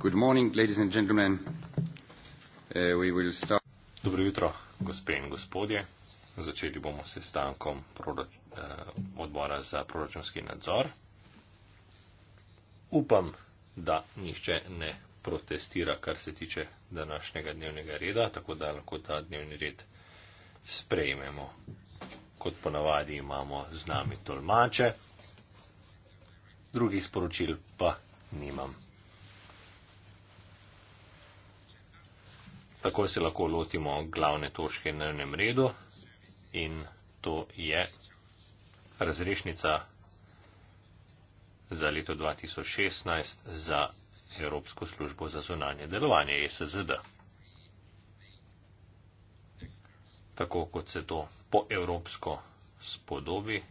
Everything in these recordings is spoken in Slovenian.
Good morning, ladies and gentlemen. Eh, we will start. Dobro jutro, gospe in gospodje. Začeli bomo s sestankom eh, odbora za proračunski nadzor. Upam, da nihče ne protestira, kar se tiče današnjega dnevnega reda, tako da lahko ta dnevni red sprejmemo. Kot ponavadi imamo z nami tolmače, drugih sporočil pa nimam. Takoj se lahko lotimo glavne točke na enem redu in to je razrešnica za leto 2016 za Evropsko službo za zunanje delovanje ESZD. Tako kot se to po evropsko spodobi,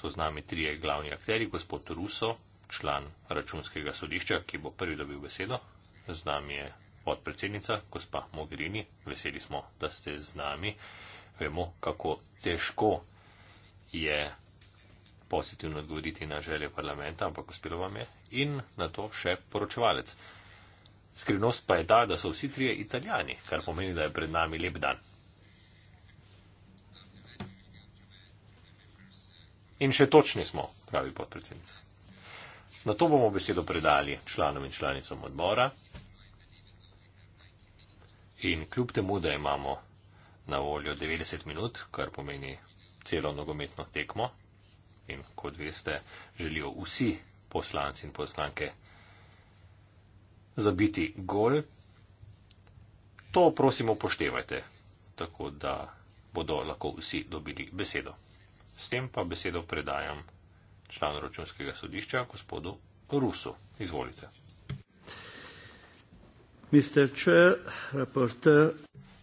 so z nami trije glavni akteri, gospod Ruso, član računskega sodišča, ki bo prvi dobil besedo, z nami je podpredsednica, gospa Mogherini, veseli smo, da ste z nami. Vemo, kako težko je pozitivno govoriti na želje parlamenta, ampak uspelo vam je. In na to še poročevalec. Skrivnost pa je ta, da so vsi trije italijani, kar pomeni, da je pred nami lep dan. In še točni smo, pravi podpredsednica. Na to bomo besedo predali članom in članicom odbora. In kljub temu, da imamo na voljo 90 minut, kar pomeni celo nogometno tekmo, in kot veste, želijo vsi poslanci in poslanke zabiti gol, to prosim upoštevajte, tako da bodo lahko vsi dobili besedo. S tem pa besedo predajam članu računskega sodišča, gospodu Rusu. Izvolite.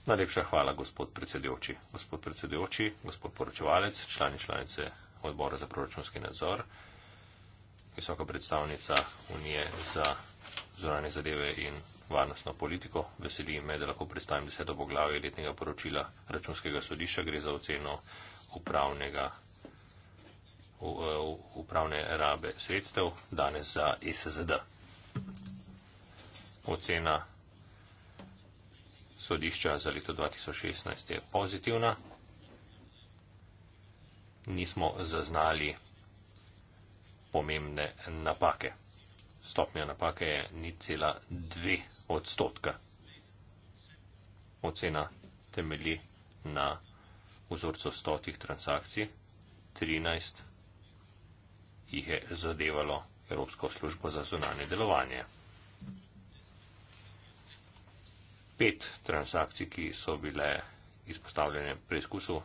Najlepša hvala, gospod predsedujoči. Gospod predsedujoči, gospod poročevalec, člani članice odbora za proračunski nadzor, visoka predstavnica Unije za zunanje zadeve in varnostno politiko. Veseli me, da lahko predstavim deseto poglavje letnega poročila računskega sodišča. Gre za oceno upravnega, u, e, upravne rabe sredstev, danes za ISZD. Ocena sodišča za leto 2016 je pozitivna. Nismo zaznali pomembne napake. Stopnja napake je ni cela dve odstotka. Ocena temelji na vzorcu stotih transakcij. 13 jih je zadevalo Evropsko službo za zunanje delovanje. pet transakcij, ki so bile izpostavljene preizkusu,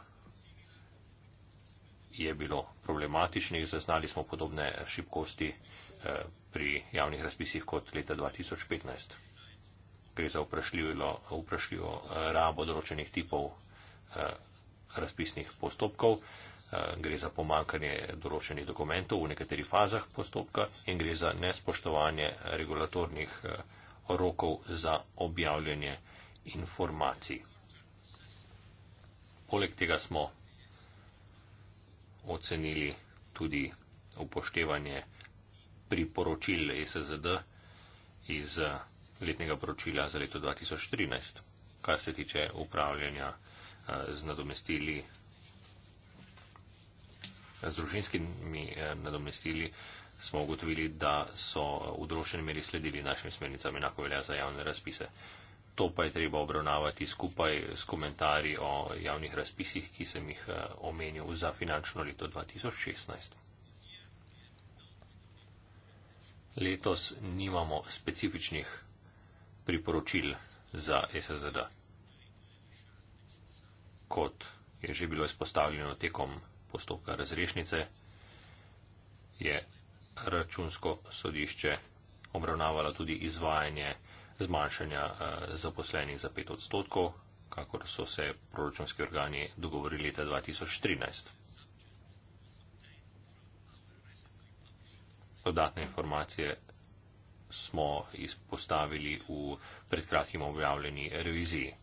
je bilo problematičnih. Zaznali smo podobne šibkosti eh, pri javnih razpisih kot leta 2015. Gre za vprašljivo eh, rabo določenih tipov eh, razpisnih postopkov, gre za pomankanje določenih dokumentov v nekaterih fazah postopka in gre za nespoštovanje regulatornih postopkov rokov za objavljanje informacij. Poleg tega smo ocenili tudi upoštevanje priporočil SZD iz letnega poročila za leto 2013, kar se tiče upravljanja eh, z nadomestili, eh, z družinskimi eh, nadomestili smo ugotovili, da so v določeni meri sledili našim smernicam, enako velja za javne razpise. To pa je treba obravnavati skupaj s komentarji o javnih razpisih, ki sem jih eh, omenil za finančno leto 2016. Letos nimamo specifičnih priporočil za SZD. Kot je že bilo izpostavljeno tekom postopka razrešnice, je računsko sodišče obravnavala tudi izvajanje zmanjšanja eh, zaposlenih za 5 odstotkov, kakor so se proračunski organi dogovorili leta 2013. Dodatne informacije smo izpostavili v predkratkim objavljeni reviziji.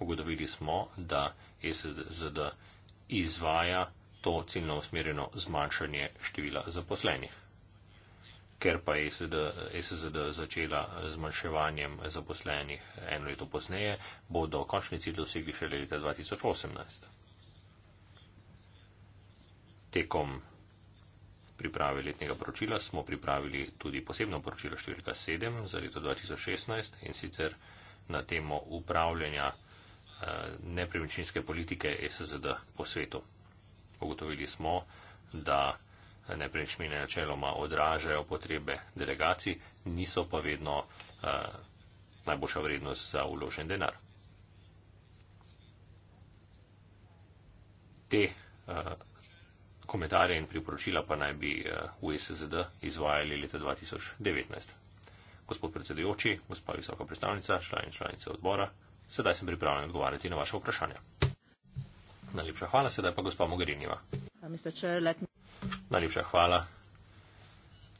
Ugotovili smo, da SZD izvaja to ciljno usmerjeno zmanjšanje števila zaposlenih. Ker pa je SSD, SSD začela zmanjševanjem zaposlenih eno leto pozneje, bodo končni cilj dosegli še leta 2018. Tekom priprave letnega poročila smo pripravili tudi posebno poročilo številka 7 za leto 2016 in sicer na temo upravljanja eh, nepremičninske politike SSD po svetu. Ugotovili smo, da nepremičnine načeloma odražajo potrebe delegacij, niso pa vedno eh, najboljša vrednost za uložen denar. Te eh, komentarje in priporočila pa naj bi eh, v SSD izvajali leta 2019. Gospod predsedujoči, gospa visoka predstavnica, član in članice odbora, sedaj sem pripravljen odgovarjati na vaše vprašanje. Najlepša hvala, sedaj pa gospa Mogherinjeva. Najlepša hvala.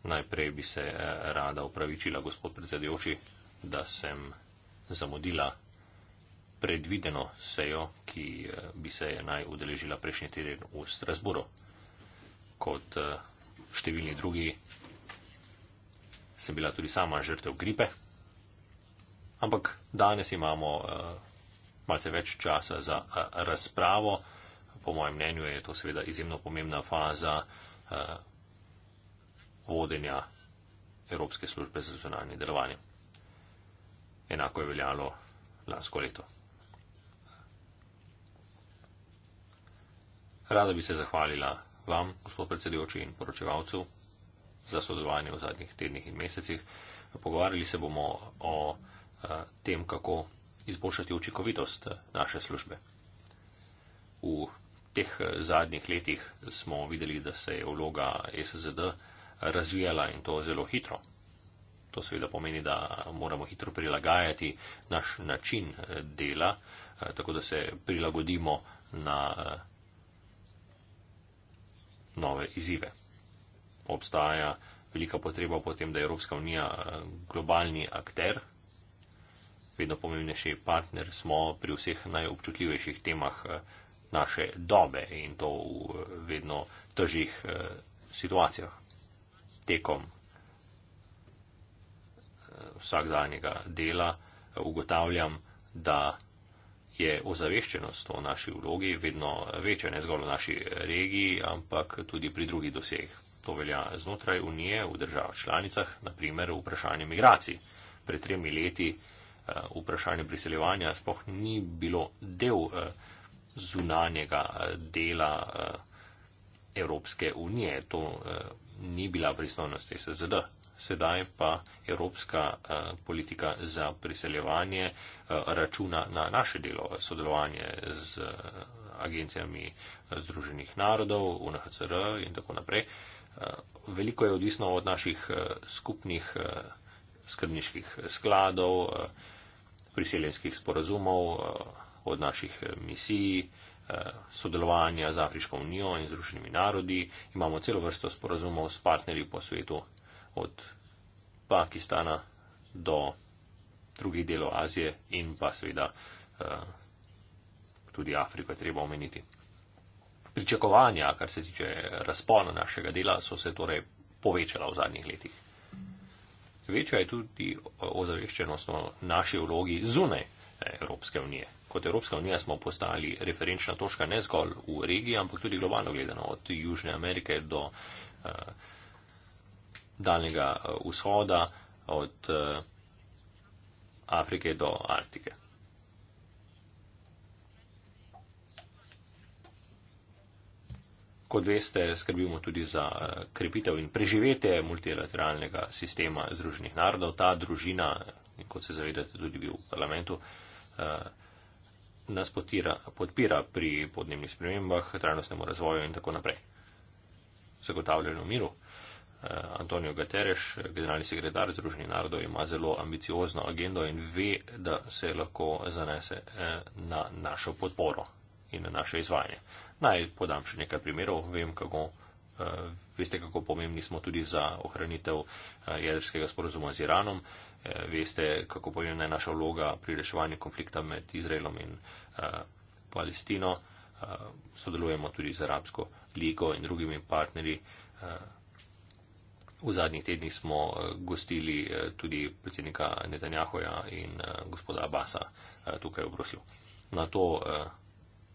Najprej bi se eh, rada upravičila, gospod predsedujoči, da sem zamudila predvideno sejo, ki eh, bi se naj udeležila prejšnji teden v Strasburu. Kot eh, številni drugi sem bila tudi sama žrtev gripe, ampak danes imamo malce več časa za eh, razpravo. Po mojem mnenju je to seveda izjemno pomembna faza eh, vodenja Evropske službe za zunanje delovanje. Enako je veljalo lansko leto. Rada bi se zahvalila vam, gospod predsedujoči in poročevalcu, za sodelovanje v zadnjih tednih in mesecih. Pogovarjali se bomo o eh, tem, kako izboljšati učinkovitost eh, naše službe. V teh eh, zadnjih letih smo videli, da se je vloga SZD razvijala in to zelo hitro. To seveda pomeni, da moramo hitro prilagajati naš način eh, dela, tako da se prilagodimo na nove izzive. Obstaja velika potreba potem, da je Evropska unija globalni akter, vedno pomembnejši partner smo pri vseh najobčutljivejših temah eh, naše dobe in to v eh, vedno težjih eh, situacijah tekom vsakdanjega dela ugotavljam, da je ozaveščenost o naši vlogi vedno večja, ne zgolj v naši regiji, ampak tudi pri drugih dosegih. To velja znotraj Unije, v državah članicah, naprimer v vprašanju migracij. Pred tremi leti uh, Eh, vprašanju priseljevanja spoh ni bilo del eh, zunanjega eh, dela Evropske unije. To ni bila pristojnost SZD. Sedaj pa Evropska politika za priseljevanje računa na naše delo, sodelovanje z agencijami Združenih narodov, UNHCR in tako naprej. Veliko je odvisno od naših skupnih skrbniških skladov, priseljenskih sporazumov, eh, od naših eh, misij, eh, sodelovanja z Afriško unijo in zrušenimi narodi. Imamo celo vrsto sporazumov s partnerji po svetu, od Pakistana do drugih delov Azije in pa seveda tudi Afriko je treba omeniti. Pričakovanja, kar se tiče razpona našega dela, so se torej povečala v zadnjih letih večja je tudi ozaveščenost o naši vlogi zunaj eh, Evropske unije. Kot Evropska unija smo postali referenčna točka ne zgolj v regiji, ampak tudi globalno gledano, od Južne Amerike do uh, Daljnega eh, vzhoda, od uh, Afrike do Arktike. kot veste, skrbimo tudi za eh, krepitev in preživetje multilateralnega sistema Združenih narodov. Ta družina, kot se zavedate tudi vi v parlamentu, eh, nas potira, podpira pri podnebnih spremembah, trajnostnemu razvoju in tako naprej. Zagotavljanju miru. Eh, Antonijo Gatereš, generalni sekretar Združenih narodov, ima zelo ambiciozno agendo in ve, da se lahko zanese na našo podporo in na naše izvajanje. Naj podam še nekaj primerov. Vem, kako, eh, veste, kako pomembni smo tudi za ohranitev eh, jedrskega sporozuma z Iranom. Eh, veste, kako pomembna je naša vloga pri reševanju konflikta med Izraelom in Palestino. Sodelujemo tudi z Arabsko ligo in drugimi partnerji. V zadnjih tednih smo gostili tudi predsednika Netanjahoja in gospoda Abasa tukaj v Bruslju. Na to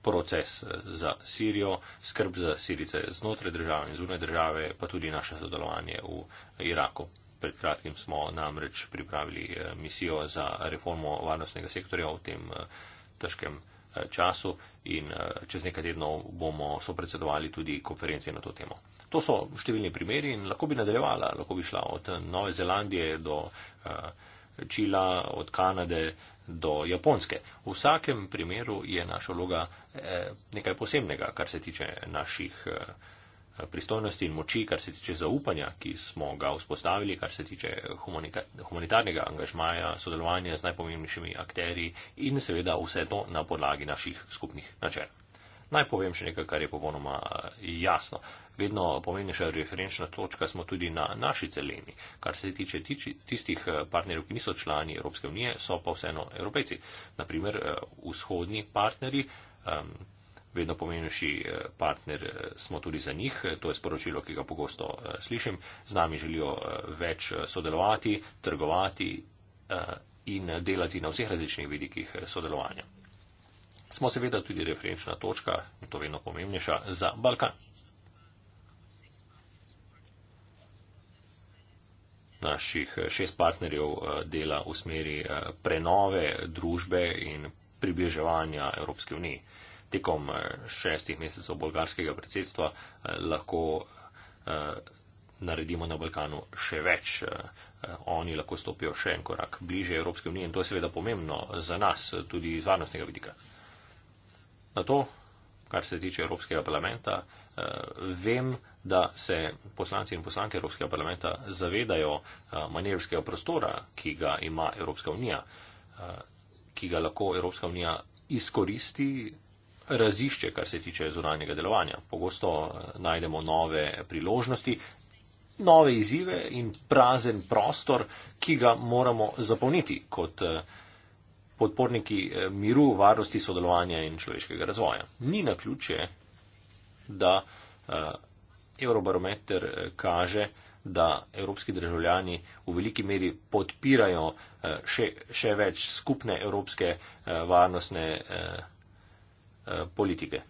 proces eh, za Sirijo, skrb za Sirice znotraj države in zunaj države, pa tudi naše sodelovanje v Iraku. Pred kratkim smo namreč pripravili eh, misijo za reformo varnostnega sektorja v tem eh, težkem času in čez nekaj tednov bomo sopredsedovali tudi konferenci na to temo. To so številni primeri in lahko bi nadaljevala, lahko bi šla od Nove Zelandije do uh, Čila, od Kanade do Japonske. V vsakem primeru je naša vloga eh, nekaj posebnega, kar se tiče naših eh, pristojnosti in moči, kar se tiče zaupanja, ki smo ga vzpostavili, kar se tiče humanitarnega angažmaja, sodelovanja z najpomembnejšimi akteri in seveda vse to na podlagi naših skupnih načel. Naj povem še nekaj, kar je popolnoma eh, jasno vedno pomembnejša referenčna točka smo tudi na naši celini. Kar se tiče tiči, tistih eh, partnerjev, ki niso člani Evropske unije, so pa vseeno evropejci. Naprimer, eh, vzhodni partnerji. Um, Vedno pomembnejši eh, partner smo tudi za njih, to je sporočilo, ki ga pogosto slišim. Z nami želijo več sodelovati, trgovati in delati na vseh različnih vidikih sodelovanja. Smo seveda tudi referenčna točka, in to vedno pomembnejša, za Balkan. naših eh, šest partnerjev eh, dela v smeri eh, prenove družbe in približevanja Evropske unije. Tekom šestih mesecev bolgarskega predsedstva lahko naredimo na Balkanu še več. Oni lahko stopijo še en korak bliže Evropske unije in to je seveda pomembno za nas tudi iz varnostnega vidika. Na to kar se tiče Evropskega parlamenta. Eh, vem, da se poslanci in poslanke Evropskega parlamenta zavedajo eh, manevrskega prostora, ki ga ima Evropska unija, eh, ki ga lahko Evropska unija izkoristi, razišče, kar se tiče zunanjega delovanja. Pogosto najdemo nove priložnosti, nove izzive in prazen prostor, ki ga moramo zapolniti kot podporniki eh, miru, varnosti, sodelovanja in človeškega razvoja. Ni na ključje, da eh, Eurobarometer eh, kaže, da evropski državljani v veliki meri podpirajo še, še več skupne evropske varnostne politike.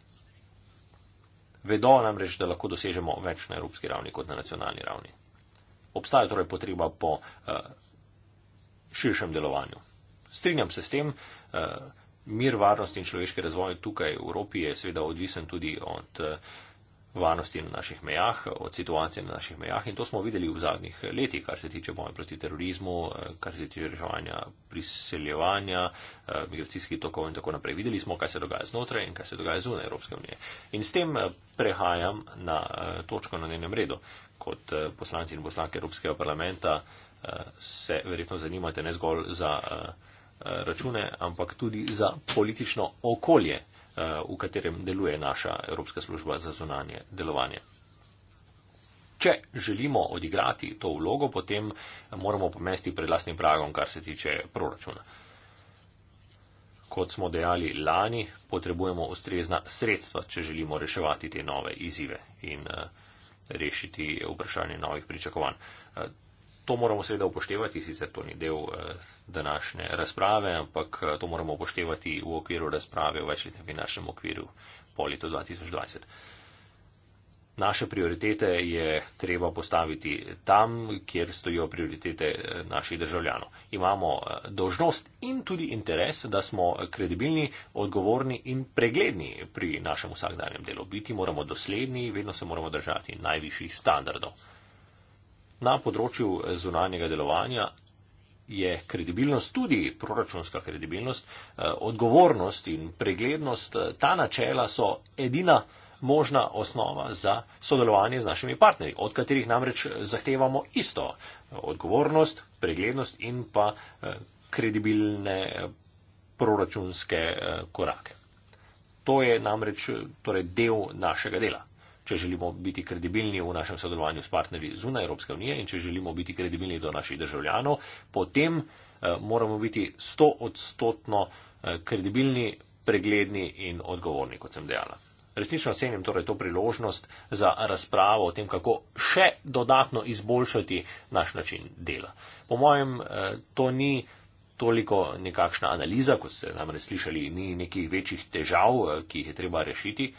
Vedo namreč, da lahko dosežemo več na evropski ravni kot na nacionalni ravni. Obstaja torej potreba po širšem delovanju strinjam se s tem. Eh, mir, varnost in človeški razvoj tukaj v Evropi je seveda odvisen tudi od eh, varnosti na naših mejah, od situacije na naših mejah in to smo videli v zadnjih letih, kar se tiče boja proti terorizmu, eh, kar se tiče reševanja priseljevanja, migracijskih tokov in tako naprej. Videli smo, kaj se dogaja znotraj in kaj se dogaja zunaj Evropske unije. In s tem prehajam na točko na njenem redu. Kot poslanci in poslanke Evropskega parlamenta se verjetno zanimate ne zgolj za Eh, račune, ampak tudi za politično okolje, eh, v katerem deluje naša Evropska služba za zunanje delovanje. Če želimo odigrati to vlogo, potem moramo pomesti pred lastnim pragom, kar se tiče proračuna. Kot smo dejali lani, potrebujemo ustrezna sredstva, če želimo reševati te nove izzive in eh, rešiti vprašanje novih pričakovanj to moramo seveda upoštevati, sicer to ni del eh, današnje razprave, ampak eh, to moramo upoštevati v okviru razprave v večletnem finančnem okviru po letu 2020. Naše prioritete je treba postaviti tam, kjer stojijo prioritete eh, naših državljanov. Imamo dožnost in tudi interes, da smo kredibilni, odgovorni in pregledni pri našem vsakdanjem delu. Biti moramo dosledni, vedno se moramo držati najvišjih standardov na področju eh, zunanjega delovanja je kredibilnost, tudi proračunska kredibilnost, eh, odgovornost in preglednost, eh, ta načela so edina možna osnova za sodelovanje z našimi partnerji, od katerih namreč zahtevamo isto odgovornost, preglednost in pa kredibilne proračunske korake. To je namreč torej del našega dela če želimo biti kredibilni v našem sodelovanju s partnerji zunaj Evropske unije in če želimo biti kredibilni do naših državljanov, potem eh, moramo biti sto odstotno eh, kredibilni, pregledni in odgovorni, kot sem dejala. Resnično ocenim torej to priložnost za razpravo o tem, kako še dodatno izboljšati naš način dela. Po mojem, eh, to ni toliko nekakšna analiza, kot ste namreč slišali, ni nekih večjih težav, ki jih je treba rešiti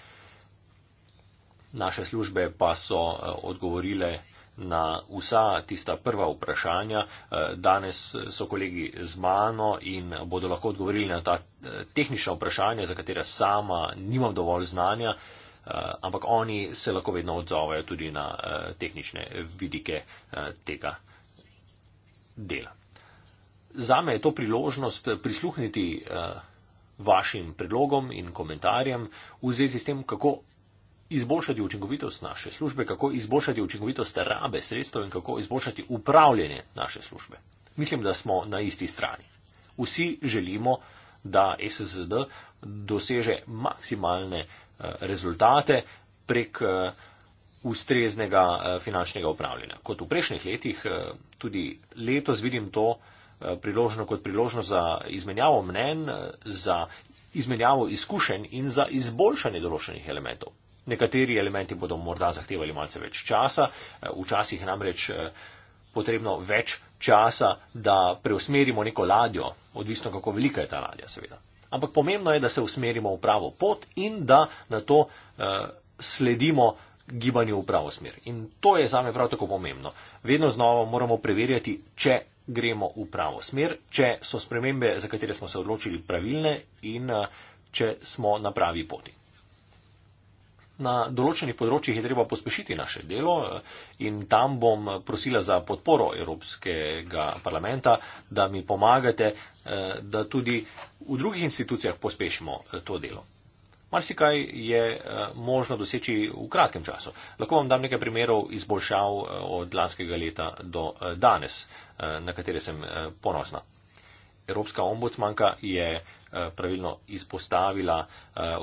naše službe pa so eh, odgovorile na vsa tista prva vprašanja. Eh, danes eh, so kolegi z mano in bodo lahko odgovorili na ta tehnična vprašanja, za katera sama nimam dovolj znanja, ampak oni se lahko vedno odzovejo tudi na tehnične vidike tega dela. Zame je to priložnost prisluhniti vašim predlogom in komentarjem v zvezi s tem, kako izboljšati učinkovitost naše službe, kako izboljšati učinkovitost rabe sredstev in kako izboljšati upravljanje naše službe. Mislim, da smo na isti strani. Vsi želimo, da SSD doseže maksimalne eh, rezultate prek eh, ustreznega eh, finančnega upravljanja. Kot v prejšnjih letih, tudi letos vidim to priložno kot priložnost za izmenjavo mnen, za izmenjavo izkušenj in za izboljšanje določenih elementov. Nekateri elementi bodo morda zahtevali malce več časa, eh, včasih namreč eh, potrebno več časa, da preusmerimo neko ladjo, odvisno kako velika je ta ladja, seveda. Ampak pomembno je, da se usmerimo v pravo pot in da na to eh, sledimo gibanju v pravo smer. In to je zame prav tako pomembno. Vedno znova moramo preverjati, če gremo v pravo smer, če so spremembe, za katere smo se odločili, pravilne in če smo na pravi poti na določenih področjih je treba pospešiti naše delo eh, in tam bom eh, prosila za podporo Evropskega parlamenta, da mi pomagate, eh, da tudi v drugih institucijah pospešimo to delo. Marsikaj je možno doseči v kratkem času. Lahko vam dam nekaj primerov izboljšav od lanskega leta do danes, na katere sem ponosna. Evropska ombudsmanka je pravilno izpostavila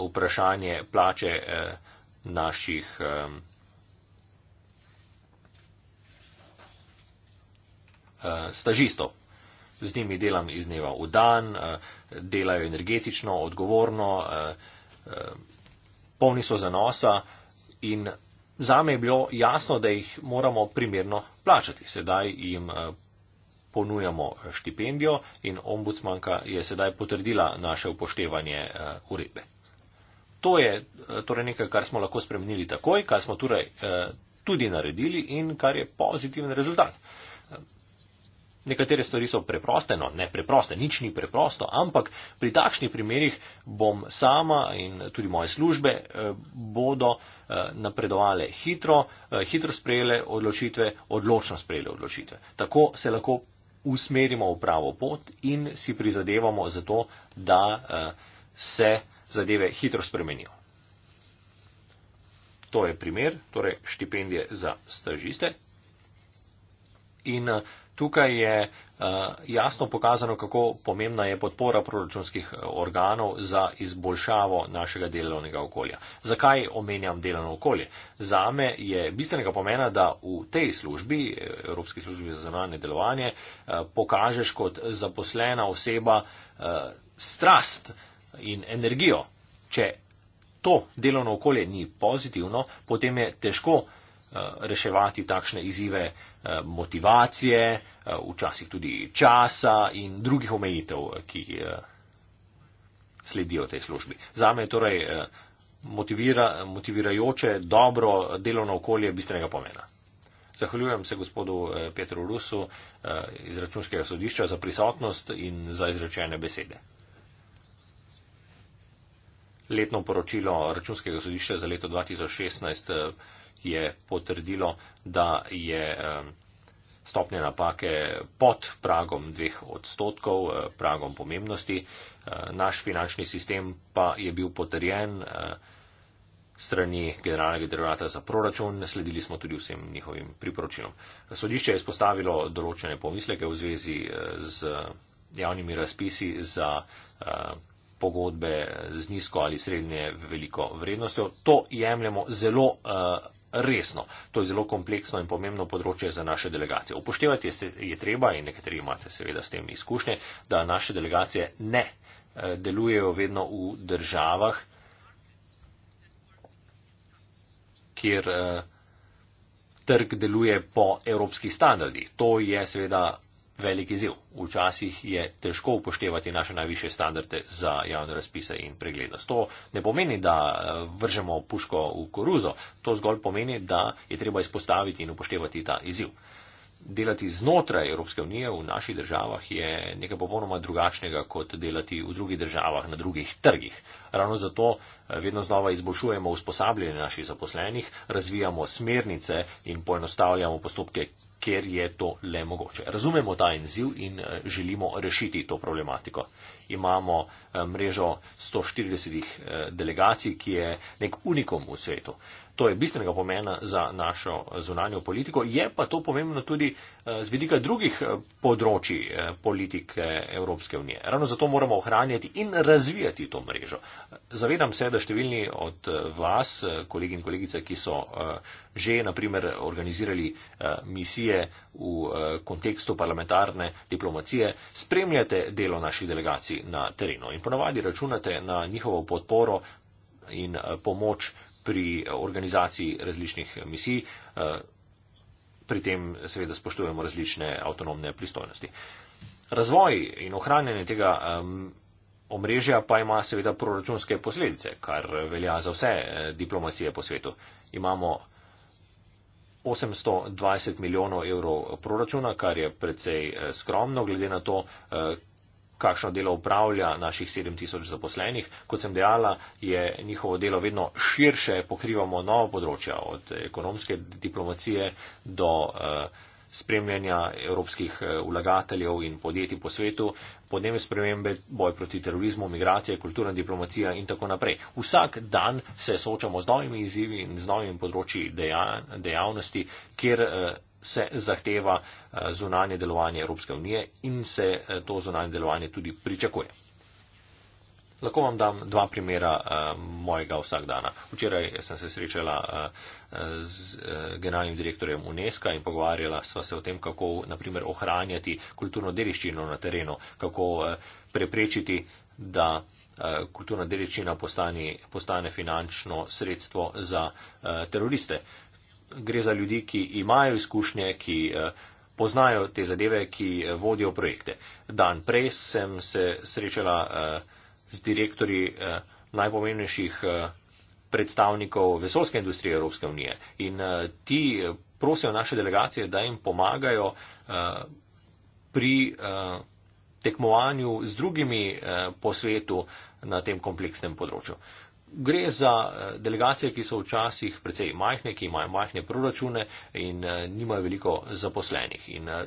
vprašanje plače naših stažistov. Z njimi delam iz dneva v dan, delajo energetično, odgovorno, polni so zanosa in zame je bilo jasno, da jih moramo primerno plačati. Sedaj jim ponujamo štipendijo in ombudsmanka je sedaj potrdila naše upoštevanje uredbe. To je eh, torej nekaj, kar smo lahko spremenili takoj, kar smo torej eh, tudi naredili in kar je pozitiven rezultat. Nekatere stvari so preproste, no ne preproste, nič ni preprosto, ampak pri takšnih primerjih bom sama in tudi moje službe eh, bodo napredovale hitro, hitro sprejele odločitve, odločno sprejele odločitve. Tako se lahko usmerimo v pravo pot in si prizadevamo za to, da se zadeve hitro spremenijo. To je primer, torej štipendije za stažiste. In eh, tukaj je eh, jasno pokazano, kako pomembna je podpora proračunskih eh, organov za izboljšavo našega delovnega okolja. Zakaj omenjam delovno okolje? Za me je bistvenega pomena, da v tej službi, Evropski službi za zonalne delovanje, pokažeš kot zaposlena oseba strast in energijo. Če to delovno okolje ni pozitivno, potem je težko eh, reševati takšne izzive eh, motivacije, eh, včasih tudi časa in drugih omejitev, ki sledijo tej službi. Zame je torej motivira, motivirajoče, dobro delovno okolje bistvenega pomena. Zahvaljujem se gospodu Petru Rusu iz računskega sodišča za prisotnost in za izrečene besede letno poročilo računskega sodišča za leto 2016 eh, je potrdilo, da je eh, stopnje napake pod pragom dveh odstotkov, eh, pragom pomembnosti. Naš finančni sistem pa je bil potrjen strani generalnega direktorata za proračun, sledili smo tudi vsem njihovim priporočilom. Sodišče je spostavilo določene pomisleke v zvezi z javnimi razpisi za pogodbe z nizko ali srednje veliko vrednostjo. To jemljemo zelo eh, resno. To je zelo kompleksno in pomembno področje za naše delegacije. Upoštevati je treba in nekateri imate seveda s tem izkušnje, da naše delegacije ne eh, delujejo vedno v državah, kjer eh, trg deluje po evropskih standardih. To je seveda velik izjiv. Včasih je težko upoštevati naše najviše standarde za javne razpise in preglednost. To ne pomeni, da eh, vržemo puško v koruzo, to zgolj pomeni, da je treba izpostaviti in upoštevati ta izjiv. Delati znotraj Evropske unije v naših državah je nekaj popolnoma drugačnega, kot delati v drugih državah na drugih trgih. Ravno zato eh, vedno znova izboljšujemo usposabljanje naših zaposlenih, razvijamo smernice in poenostavljamo postopke, kjer je to le mogoče. Razumemo ta enziv in eh, želimo rešiti to problematiko. Imamo eh, mrežo 140 eh, delegacij, ki je nek unikom v svetu to je bistvenega pomena za našo zunanjo politiko. Je pa to pomembno tudi eh, z vidika drugih eh, področji eh, politike Evropske unije. Ravno zato moramo ohranjati in razvijati to mrežo. Zavedam se, da številni od vas, kolegi in kolegice, ki so že naprimer organizirali misije v kontekstu parlamentarne diplomacije, spremljate delo naših delegacij na terenu in ponavadi računate na njihovo podporo in pomoč pri organizaciji različnih misij. Eh, pri tem seveda spoštujemo različne avtonomne pristojnosti. Razvoj in ohranjanje tega omrežja pa ima seveda proračunske posledice, kar velja za vse eh, diplomacije po svetu. Imamo 820 milijonov evrov proračuna, kar je precej eh, skromno, glede na to, kakšno delo upravlja naših 7000 zaposlenih. Kot sem dejala, je njihovo delo vedno širše, pokrivamo nova področja od ekonomske diplomacije do eh, spremljanja evropskih eh, vlagateljev in podjetij po svetu, podnebne spremembe, boj proti terorizmu, migracije, kulturna diplomacija in tako naprej. Vsak dan se soočamo z novimi izzivi in z novimi področji dejavnosti, kjer eh, se zahteva eh, zunanje delovanje Evropske unije in se eh, to zunanje delovanje tudi pričakuje. Lahko vam dam dva primera uh, mojega vsakdana. Včeraj sem se srečala uh, z uh, generalnim direktorjem UNESCO in pogovarjala sva se o tem, kako naprimer ohranjati kulturno dediščino na terenu, kako uh, preprečiti, da uh, kulturna dediščina postane, postane finančno sredstvo za uh, teroriste. Uh, gre za ljudi, ki imajo izkušnje, ki eh, poznajo te zadeve, ki eh, vodijo projekte. Dan prej sem se srečala eh, z direktori najpomembnejših predstavnikov vesolske industrije Evropske unije in ti prosijo naše delegacije, da jim pomagajo pri tekmovanju z drugimi po svetu na tem kompleksnem področju. Gre za eh, delegacije, ki so včasih precej majhne, ki imajo majhne proračune in eh, nimajo veliko zaposlenih. In eh,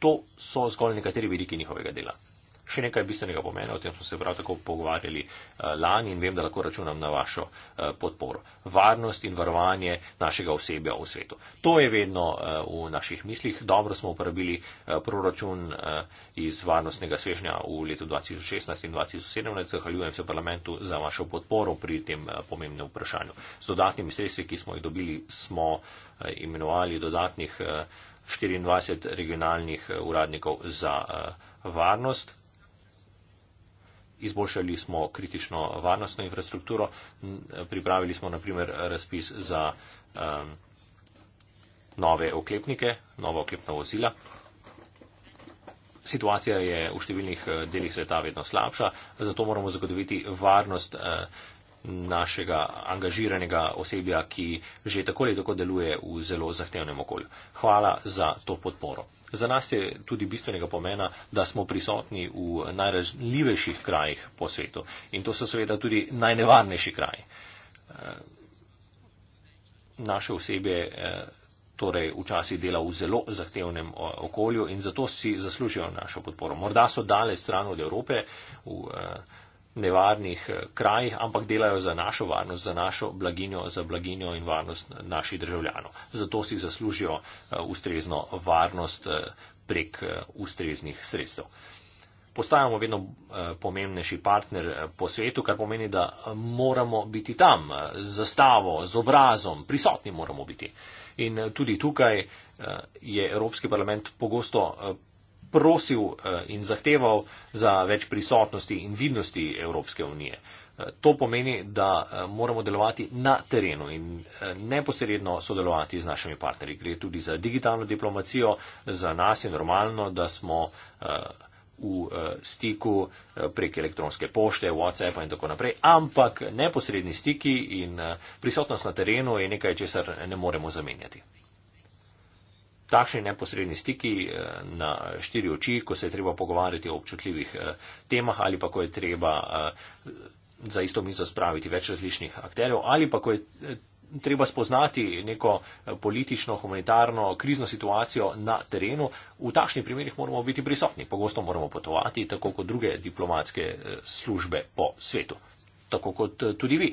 to so zgolj nekateri vidiki njihovega dela še nekaj bistvenega pomena, o tem smo se prav tako pogovarjali eh, lani in vem, da lahko računam na vašo eh, podporo. Varnost in varovanje našega osebja v svetu. To je vedno eh, v naših mislih. Dobro smo uporabili proračun iz varnostnega svežnja v letu 2016 in 2017. Zahvaljujem se parlamentu za vašo podporo pri tem pomembnem vprašanju. Z dodatnimi sredstvi, ki smo jih dobili, smo imenovali dodatnih 24 regionalnih uradnikov za varnost. Izboljšali smo kritično varnostno infrastrukturo, pripravili smo naprimer razpis za um, nove oklepnike, nova oklepna vozila. Situacija je v številnih eh, delih sveta vedno slabša, zato moramo zagotoviti varnost eh, našega angažiranega osebja, ki že tako ali tako deluje v zelo zahtevnem okolju. Hvala za to podporo. Za nas je tudi bistvenega pomena, da smo prisotni v najrazljivejših krajih po svetu in to so seveda tudi najnevarnejši kraji. Eh, naše osebje eh, torej včasih dela v zelo zahtevnem eh, okolju in zato si zaslužijo našo podporo. Morda so daleč stran od Evrope, v, eh, nevarnih eh, krajih, ampak delajo za našo varnost, za našo blaginjo, za blaginjo in varnost naših državljanov. Zato si zaslužijo eh, ustrezno varnost eh, prek ustreznih sredstev. Postajamo vedno pomembnejši partner po svetu, kar pomeni, da moramo biti tam, z zastavo, z obrazom, prisotni moramo biti. In tudi tukaj je Evropski parlament pogosto prosil eh, in zahteval za več prisotnosti in vidnosti Evropske unije. Eh, to pomeni, da eh, moramo delovati na terenu in neposredno sodelovati z našimi partnerji. Gre tudi za digitalno diplomacijo. Za nas je normalno, da smo v stiku prek elektronske pošte, WhatsApp in tako naprej, ampak neposredni stiki in prisotnost na terenu je nekaj, česar ne moremo zamenjati takšni neposredni stiki eh, na štiri oči, ko se je treba pogovarjati o občutljivih eh, temah ali pa ko je treba eh, za isto mizo spraviti več različnih akterjev ali pa ko je treba spoznati neko politično, humanitarno, krizno situacijo na terenu, v takšnih primerih moramo biti prisotni. Pogosto moramo potovati, tako kot druge diplomatske službe po svetu. Tako kot tudi vi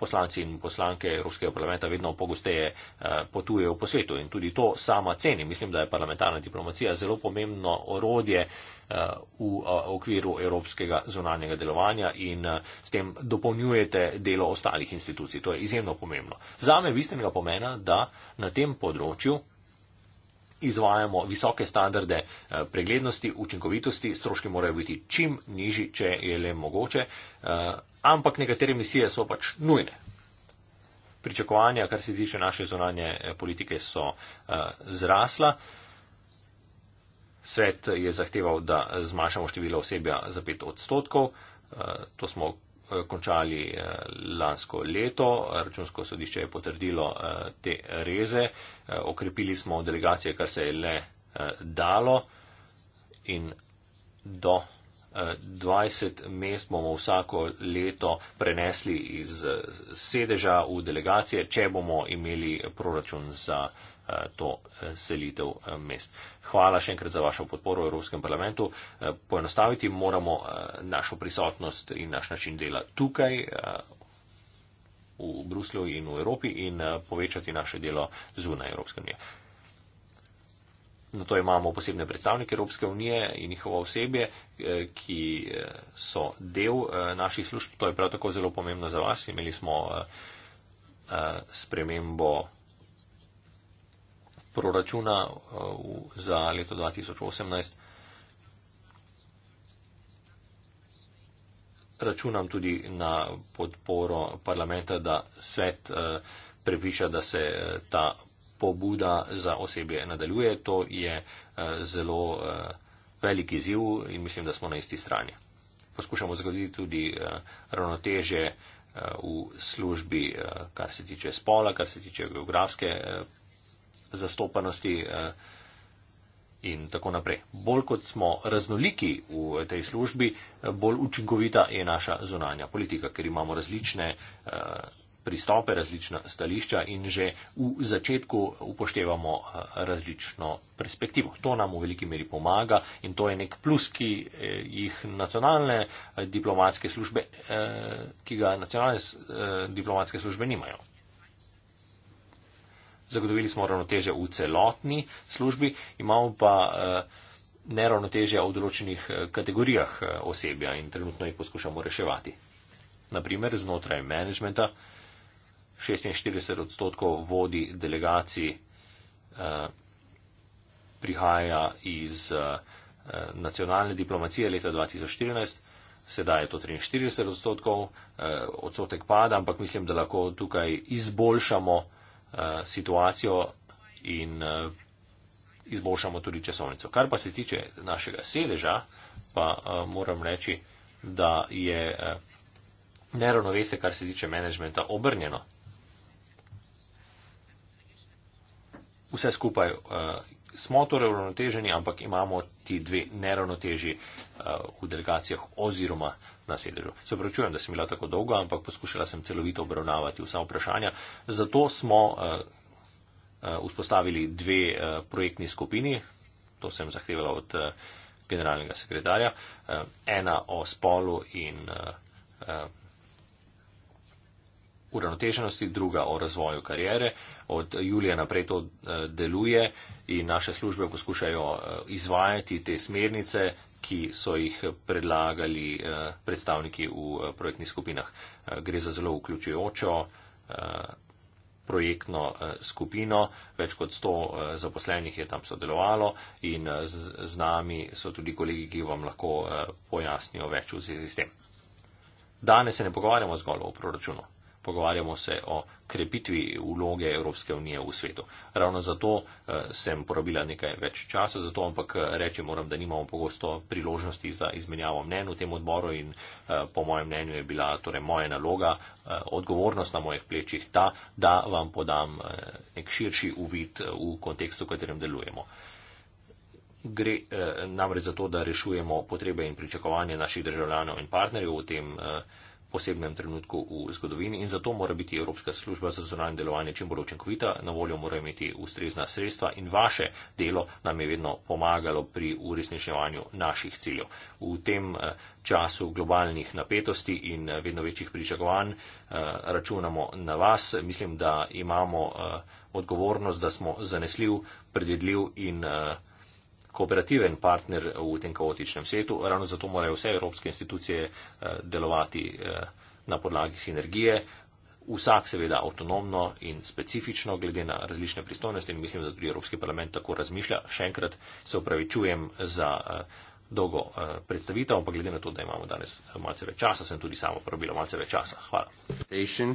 poslanci in poslanke Evropskega parlamenta vedno pogosteje eh, potujejo po svetu in tudi to sama ceni. Mislim, da je parlamentarna diplomacija zelo pomembno orodje eh, v eh, okviru evropskega zunanjega delovanja in s tem dopolnjujete delo ostalih institucij. To je izjemno pomembno. Zame bistvenega pomena, da na tem področju izvajamo visoke standarde eh, preglednosti, učinkovitosti, stroški morajo biti čim nižji, če je le mogoče, eh, ampak nekatere misije so pač nujne. Pričakovanja, kar se tiče naše zunanje eh, politike, so zrasla. Svet je zahteval, da zmanjšamo število osebja za pet odstotkov. To smo Eh, končali eh, lansko leto. Računsko sodišče je potrdilo eh, te reze. Okrepili smo delegacije, kar se je le dalo. In do 20 mest bomo vsako leto prenesli iz sedeža v delegacije, če bomo imeli proračun za Eh, to eh, selitev eh, mest. Hvala še enkrat za vašo podporo v Evropskem parlamentu. Poenostaviti moramo našo prisotnost in naš način dela tukaj v Bruslju in v Evropi in povečati naše delo zunaj Evropske unije. Zato imamo posebne predstavnike Evropske unije in njihovo osebje, ki so del naših služb. To je prav tako zelo pomembno za vas. Imeli smo spremembo proračuna uh, za leto 2018. Računam tudi na podporo parlamenta, da svet uh, prepiša, da se uh, ta pobuda za osebje nadaljuje. To je zelo veliki ziv in mislim, da smo na isti strani. Poskušamo zagotoviti tudi ravnoteže v službi, kar se tiče spola, kar se tiče geografske zastopanosti eh, in tako naprej. Bolj kot smo raznoliki v tej službi, eh, bolj učinkovita je naša zunanja politika, ker imamo različne eh, pristope, različna stališča in že v začetku upoštevamo različno perspektivo. To nam v veliki meri pomaga in to je nek plus, ki jih nacionalne diplomatske službe, ki ga nacionalne diplomatske službe nimajo zagotovili smo ravnoteže v celotni službi, imamo pa eh, neravnoteže v določenih eh, kategorijah eh, osebja in trenutno jih poskušamo reševati. Naprimer, znotraj menedžmenta 46 odstotkov vodi delegacij prihaja iz nacionalne diplomacije leta 2014. Sedaj je to 43 odstotkov, odstotek pada, ampak mislim, da lahko tukaj izboljšamo Eh, situacijo in eh, izboljšamo tudi časovnico. Kar pa se tiče našega sedeža, pa eh, moram reči, da je neravnovesje, kar se tiče menedžmenta, obrnjeno. Vse skupaj uh, smo torej uravnoteženi, ampak imamo ti dve neravnoteži uh, v delegacijah oziroma uh, na sedežu. Se opravičujem, da sem bila tako dolga, ampak poskušala sem celovito obravnavati vsa vprašanja. Zato smo eh, eh, vzpostavili dve eh, projektni skupini, to sem zahtevala od generalnega sekretarja, ena o spolu in uravnoteženosti, druga o razvoju karijere. Od julija naprej to deluje in naše službe poskušajo izvajati te smernice, ki so jih predlagali eh, predstavniki v eh, projektnih skupinah. Eh, gre za zelo vključujočo projektno skupino, več kot 100 zaposlenih je tam sodelovalo in z, z nami so tudi kolegi, ki vam lahko pojasnijo več v zvezi s tem. Danes se ne pogovarjamo zgolj o proračunu pogovarjamo se o krepitvi vloge Evropske unije v svetu. Ravno zato eh, sem porabila nekaj več časa, zato ampak eh, reči moram, da nimamo pogosto priložnosti za izmenjavo mnen v tem odboru in eh, po mojem mnenju je bila torej moja naloga, odgovornost na mojih plečih ta, da vam podam nek širši uvid v kontekstu, v katerem delujemo. Gre eh, namreč za to, da rešujemo potrebe in pričakovanje naših državljanov in partnerjev v tem eh, posebnem trenutku v zgodovini in zato mora biti Evropska služba za zunanje delovanje čim bolj učinkovita, na voljo mora imeti ustrezna sredstva in vaše delo nam je vedno pomagalo pri uresničevanju naših ciljev. V tem eh, času globalnih napetosti in eh, vedno večjih pričakovanj eh, računamo na vas. Mislim, da imamo odgovornost, da smo zanesljiv, predvidljiv in kooperativen partner v tem kaotičnem svetu. Ravno zato morajo vse evropske institucije eh, delovati eh, na podlagi sinergije. Vsak seveda avtonomno in specifično, glede na različne pristojnosti in mislim, da tudi Evropski parlament tako razmišlja. Še enkrat se upravičujem za eh, dolgo predstavitev, ampak glede na to, da imamo danes malce več časa, sem tudi samo probila malce več časa. Hvala.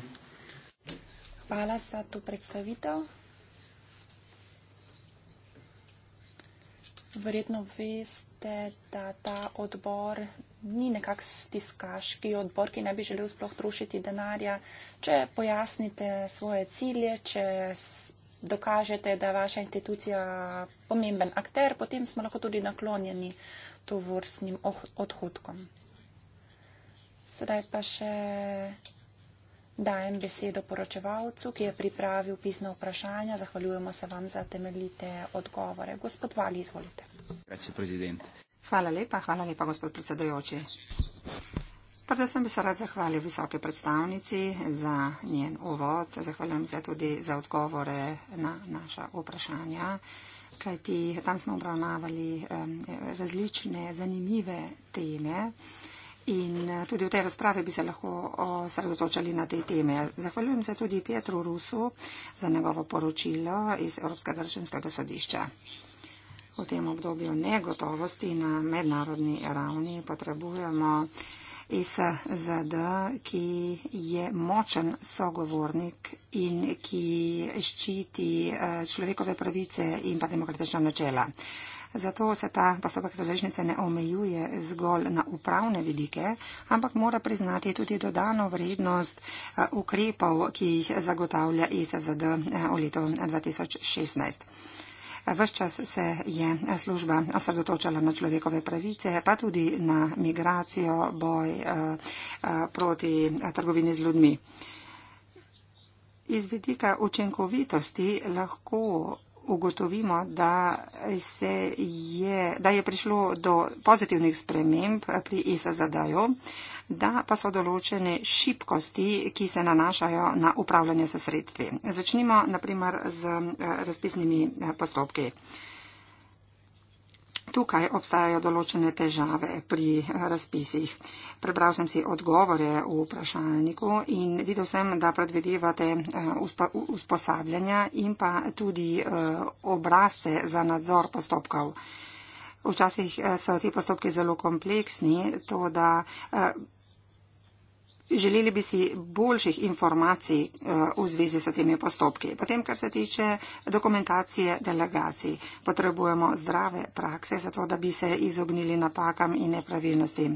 Hvala za to predstavitev. Verjetno veste, da ta odbor ni nekak stiskaški odbor, ki ne bi želel sploh trošiti denarja. Če pojasnite svoje cilje, če dokažete, da je vaša institucija pomemben akter, potem smo lahko tudi naklonjeni to vrstnim oh-, odhodkom. Sedaj pa še Dajem besedo poročevalcu, ki je pripravil pisna vprašanja. Zahvaljujemo se vam za temeljite odgovore. Gospod Vali, izvolite. Hvala lepa, hvala lepa, gospod predsedojoči. Predvsem bi se rad zahvalil visoke predstavnici za njen uvod. Zahvaljujem se tudi za odgovore na naša vprašanja, kajti tam smo obravnavali um, različne zanimive teme. Um, In eh, tudi v tej razpravi bi se lahko osredotočali na te teme. Zahvaljujem se tudi Petru Rusu za njegovo poročilo iz Evropskega računskega sodišča. V tem obdobju negotovosti na mednarodni ravni potrebujemo ISZD, ki je močen sogovornik in ki ščiti eh, človekove pravice in pa demokratična načela. Zato se ta postopek razrešnice ne omejuje zgolj na upravne vidike, ampak mora priznati tudi dodano vrednost eh, ukrepov, ki jih zagotavlja ISZD e eh, v letu 2016. Ves čas se je eh, služba osredotočala na človekove pravice, pa tudi na migracijo, boj proti trgovini z ljudmi. Iz vidika učinkovitosti lahko ugotovimo, da, je, da je prišlo do pozitivnih sprememb pri ISZD-ju, da pa so določene šibkosti, ki se nanašajo na upravljanje s sredstvi. Začnimo naprimer z eh, razpisnimi eh, postopki tukaj obstajajo določene težave pri razpisih. Prebral sem si odgovore v vprašalniku in videl sem, da predvidevate eh, usposabljanja in pa tudi eh, obrazce za nadzor postopkov. Včasih eh, so ti postopki zelo kompleksni, to da Želeli bi si boljših informacij eh, v zvezi s temi postopki. Potem, kar se tiče dokumentacije delegacij, potrebujemo zdrave prakse, zato da bi se izognili napakam in nepravilnosti.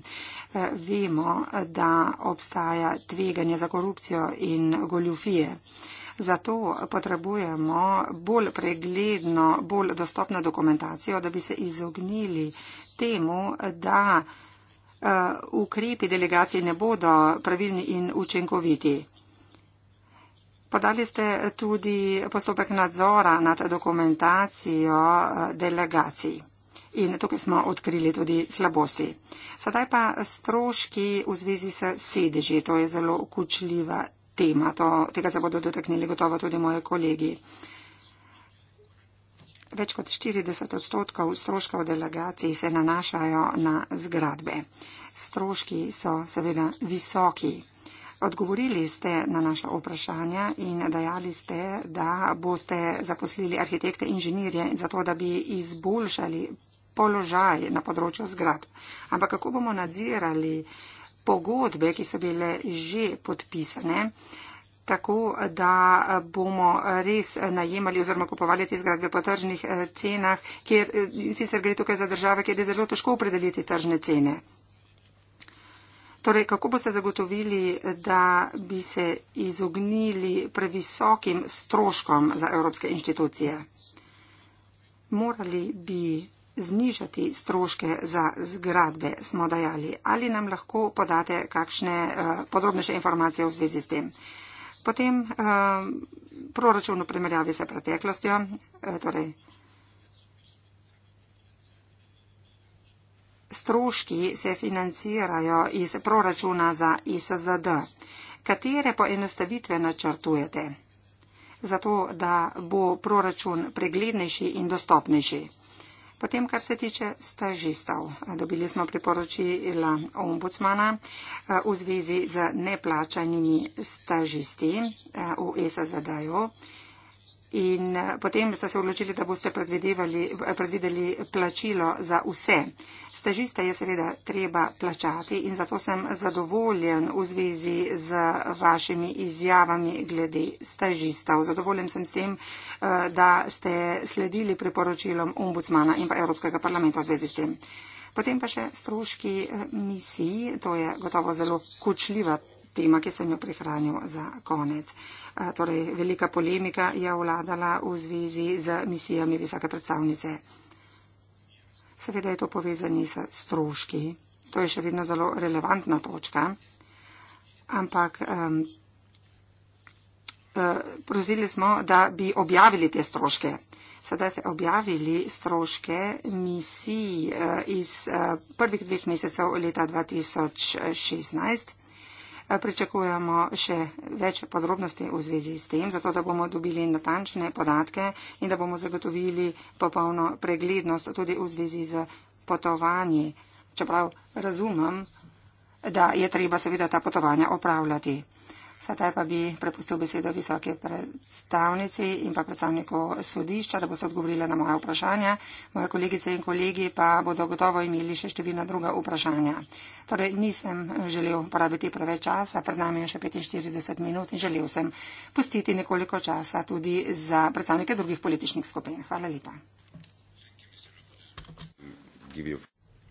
Eh, vemo, da obstaja tveganje za korupcijo in goljufije. Zato potrebujemo bolj pregledno, bolj dostopno dokumentacijo, da bi se izognili temu, da uh, ukrepi delegacije ne bodo pravilni in učinkoviti. Podali ste tudi postopek nadzora nad dokumentacijo eh, delegacij. In tukaj smo odkrili tudi slabosti. Sedaj pa stroški v zvezi s sedeži. To je zelo kučljiva tema. To, tega se bodo dotaknili gotovo tudi moje kolegi. Uh, Več kot 40 odstotkov stroškov delegacij se nanašajo na zgradbe. Stroški so seveda visoki. Odgovorili ste na naša vprašanja in dajali ste, da boste zaposlili arhitekte in inženirje zato, da bi izboljšali položaj na področju zgradb. Ampak kako bomo nadzirali pogodbe, ki so bile že podpisane? tako, da bomo res najemali oziroma kupovali te zgradbe po tržnih eh, cenah, kjer eh, sicer gre tukaj za države, kjer je zelo težko opredeliti tržne cene. Torej, kako boste zagotovili, da bi se izognili previsokim stroškom za evropske inštitucije? Morali bi znižati stroške za zgradbe, smo dajali. Ali nam lahko podate kakšne eh, podrobnejše informacije v zvezi s tem? Potem uh, proračun v primerjavi z preteklostjo. Uh, torej, stroški se financirajo iz proračuna za ISZD. Katere poenostavitve načrtujete? Zato, da bo proračun preglednejši in dostopnejši. Potem, kar se tiče stažistov, dobili smo priporočila ombudsmana eh, v zvezi z neplačanimi stažisti eh, v SZD-ju in eh, potem ste se odločili, da boste predvideli plačilo za vse. Stažista je seveda treba plačati in zato sem zadovoljen v zvezi z vašimi izjavami glede stažistov. Zadovoljen sem s tem, eh, da ste sledili priporočilom ombudsmana in pa Evropskega parlamenta v zvezi s tem. Potem pa še stroški eh, misij, to je gotovo zelo kočljiva tema, ki sem jo prihranil za konec. Torej, velika polemika je vladala v zvezi z misijami visoke predstavnice. Seveda je to povezani s stroški. To je še vedno zelo relevantna točka. Ampak um, prosili smo, da bi objavili te stroške. Sedaj ste objavili stroške misij e, iz e, prvih dveh mesecev leta 2016 pričakujemo še več podrobnosti v zvezi s tem, zato da bomo dobili natančne podatke in da bomo zagotovili popolno preglednost tudi v zvezi z potovanji. Čeprav razumem, da je treba seveda ta potovanja opravljati. Sedaj pa bi prepustil besedo visoke predstavnici in pa predstavniku sodišča, da boste odgovorili na moja vprašanja. Moje kolegice in kolegi pa bodo gotovo imeli še številna druga vprašanja. Torej, nisem želel porabiti preveč časa, pred nami je še 45 minut in želel sem pustiti nekoliko časa tudi za predstavnike drugih političnih skupin. Hvala lepa.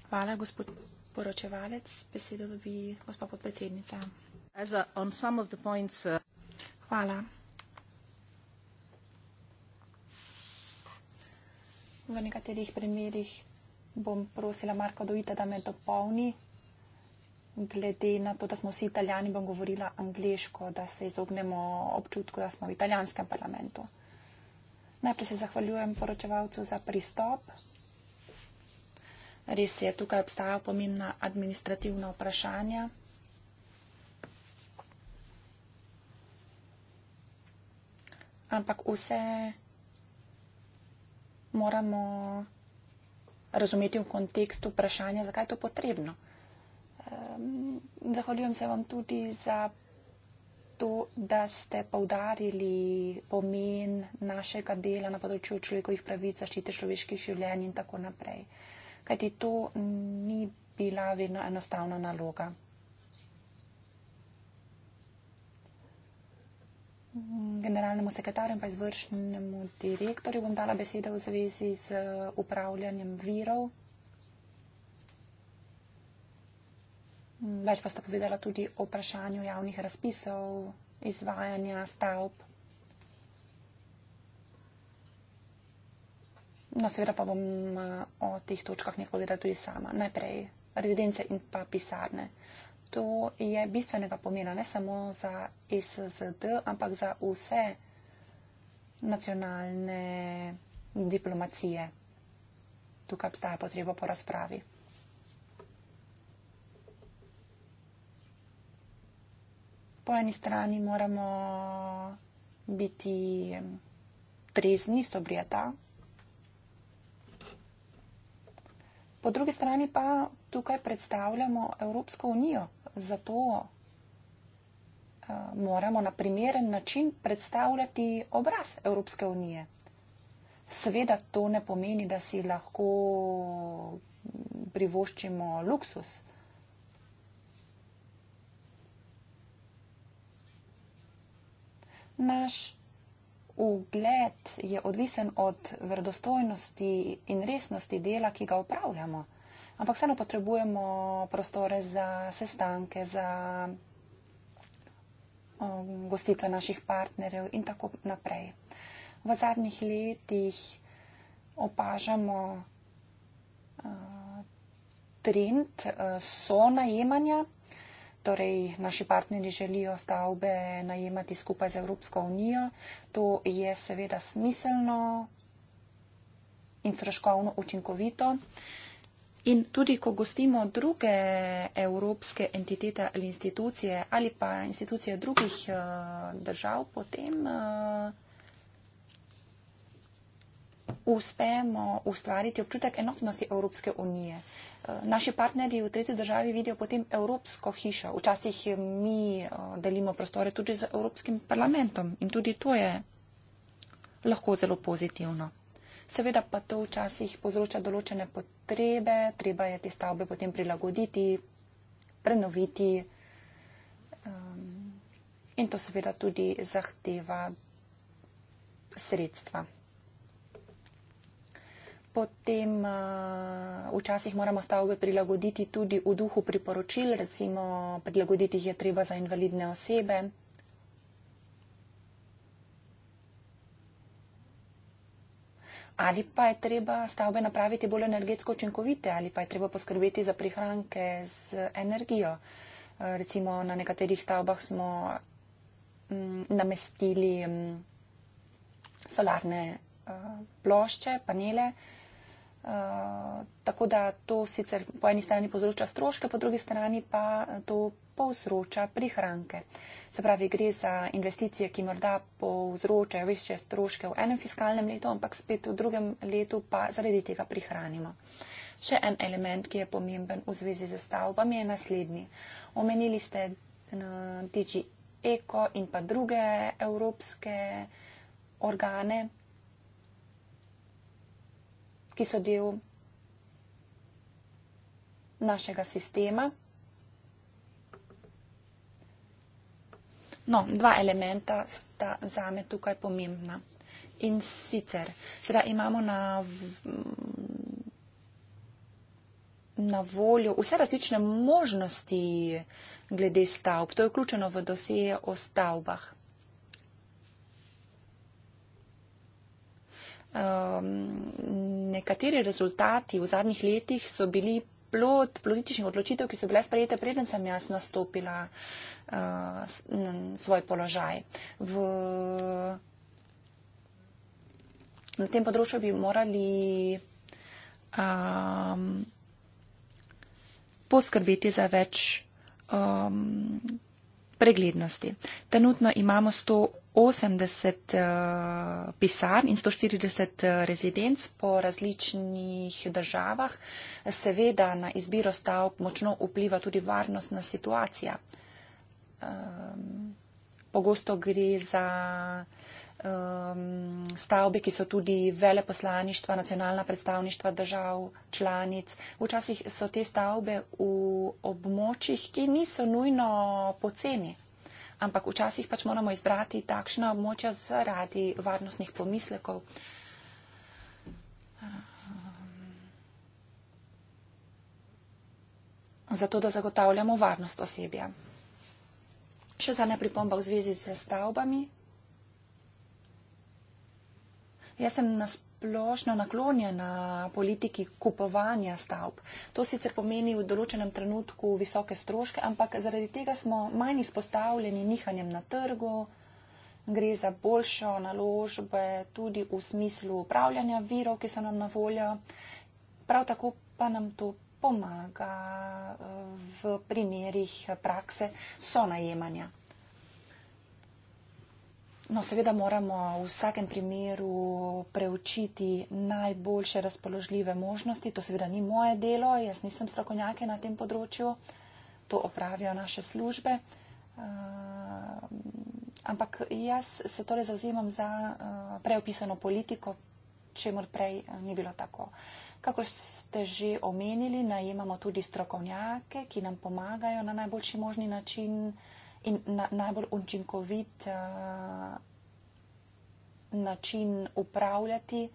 Hvala, gospod poročevalec. Besedo dobi gospod podpredsednica. Uh, v nekaterih primerih bom prosila Marko Dovita, da me dopolni. Glede na to, da smo vsi italijani, bom govorila angliško, da se izognemo občutku, da smo v italijanskem parlamentu. Najprej se zahvaljujem poročevalcu za pristop. Res je, tukaj obstajajo pomembna administrativna vprašanja. ampak vse moramo razumeti v kontekstu vprašanja, zakaj je to potrebno. Ehm, zahvaljujem se vam tudi za to, da ste povdarili pomen našega dela na področju človekovih pravic, zaščite človeških življenj in tako naprej. Kajti to ni bila vedno enostavna naloga. generalnemu sekretarju in pa izvršnemu direktorju bom dala besedo v zvezi z eh, upravljanjem virov. Več pa sta povedala tudi o vprašanju javnih razpisov, izvajanja stavb. No, seveda pa bom eh, o teh točkah nekaj povedala tudi sama. Najprej rezidence in pa pisarne. To je bistvenega pomena ne samo za SZD, ampak za vse nacionalne diplomacije. Tukaj obstaja potreba po razpravi. Po eni strani moramo biti trezni, sobrijeta. Po drugi strani pa tukaj predstavljamo Evropsko unijo. Zato eh, moramo na primeren način predstavljati obraz Evropske unije. Seveda to ne pomeni, da si lahko privoščimo luksus. Naš ugled je odvisen od verodostojnosti in resnosti dela, ki ga upravljamo ampak vseeno potrebujemo prostore za sestanke, za gostitve naših partnerjev in tako naprej. V zadnjih letih opažamo trend so najemanja, torej naši partnerji želijo stavbe najemati skupaj z Evropsko unijo. To je seveda smiselno in troškovno učinkovito. Uh, In tudi, ko gostimo druge evropske entitete ali institucije ali pa institucije drugih eh, držav, potem eh, uspemo ustvariti občutek enotnosti Evropske unije. Eh, naši partnerji v tretji državi vidijo potem Evropsko hišo. Včasih mi delimo prostore tudi z Evropskim parlamentom in tudi to je lahko zelo pozitivno. Seveda pa to včasih povzroča določene potrebe, treba je te stavbe potem prilagoditi, prenoviti um, in to seveda tudi zahteva sredstva. Potem uh, včasih moramo stavbe prilagoditi tudi v duhu priporočil, recimo prilagoditi jih je treba za invalidne osebe. ali pa je treba stavbe napraviti bolj energetsko učinkovite, ali pa je treba poskrbeti za prihranke z energijo. Eh, recimo na nekaterih stavbah smo mm, namestili mm, solarne eh, plošče, panele, eh, tako da to sicer po eni strani povzroča stroške, po drugi strani pa to povzroča prihranke. Se pravi, gre za investicije, ki morda povzročajo večje stroške v enem fiskalnem letu, ampak spet v drugem letu pa zaradi tega prihranimo. Še en element, ki je pomemben v zvezi z stavbami, je naslednji. Omenili ste tiči eh, eko in pa druge evropske organe, ki so del našega sistema. No, dva elementa sta za me tukaj pomembna. In sicer, sedaj imamo na, na voljo vse različne možnosti glede stavb. To je vključeno v dosije o stavbah. Um, nekateri rezultati v zadnjih letih so bili plot političnih odločitev, ki so bile sprejete, preden sem jaz nastopila na uh, eh, svoj položaj. V, na tem področju bi morali um, poskrbeti za več um, preglednosti. Trenutno imamo 100. 80 uh, eh, pisarn in 140 uh, eh, rezidenc po različnih državah. Seveda na izbiro stavb močno vpliva tudi varnostna situacija. Um, pogosto gre za um, stavbe, ki so tudi veleposlaništva, nacionalna predstavništva držav, članic. Včasih so te stavbe v območjih, ki niso nujno poceni ampak včasih pač moramo izbrati takšna območja zaradi varnostnih pomislekov. Zato, da zagotavljamo varnost osebja. Še zadnja pripomba v zvezi z stavbami. Jaz sem nasprotnik splošno naklonjena politiki kupovanja stavb. To sicer pomeni v določenem trenutku visoke stroške, ampak zaradi tega smo manj izpostavljeni nihanjem na trgu, gre za boljšo naložbe tudi v smislu upravljanja virov, ki so nam na voljo. Prav tako pa nam to pomaga eh, v primerih prakse so najemanja. No, seveda moramo v vsakem primeru preučiti najboljše razpoložljive možnosti. To seveda ni moje delo, jaz nisem strokovnjake na tem področju, to opravijo naše službe. Uh, ampak jaz se torej zauzemam za uh, preopisano politiko, če mor prej uh, ni bilo tako. Kako ste že omenili, najemamo tudi strokovnjake, ki nam pomagajo na najboljši možni način uh, in na, najbolj učinkovit uh, način upravljati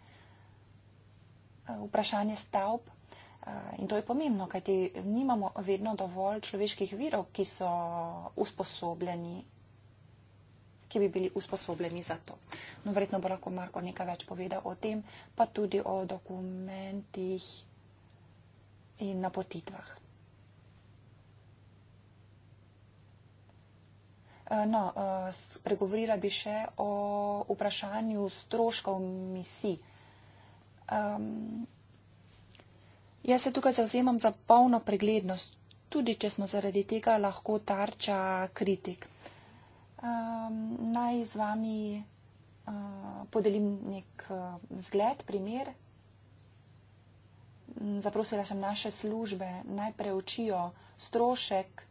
uh, vprašanje stavb. Uh, in to je pomembno, kajti nimamo vedno dovolj človeških virov, ki so usposobljeni, ki bi bili usposobljeni za to. No, verjetno bo lahko Marko nekaj več povedal o tem, pa tudi o dokumentih in napotitvah. Eh, no, eh, spregovorila bi še o vprašanju stroškov misij. Um, jaz se tukaj zauzemam za polno preglednost, tudi če smo zaradi tega lahko tarča kritik. Um, naj z vami uh, podelim nek zgled, primer. Zaprosila sem naše službe, naj preučijo strošek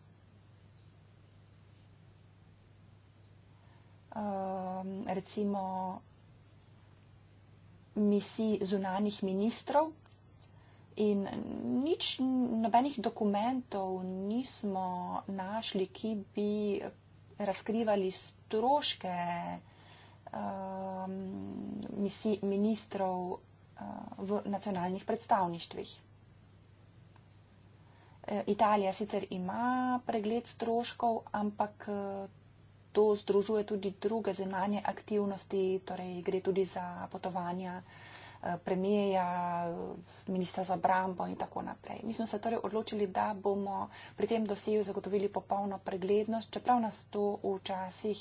Ehm, recimo misij zunanih ministrov in nič, nobenih dokumentov nismo našli, ki bi razkrivali stroške ehm, misij ministrov eh, v nacionalnih predstavništvih. Eh, Italija sicer ima pregled stroškov, ampak eh, to združuje tudi druge zunanje aktivnosti, torej gre tudi za potovanja eh, premijeja, ministra za obrambo in tako naprej. Mi smo se torej odločili, da bomo pri tem dosegu zagotovili popolno preglednost, čeprav nas to včasih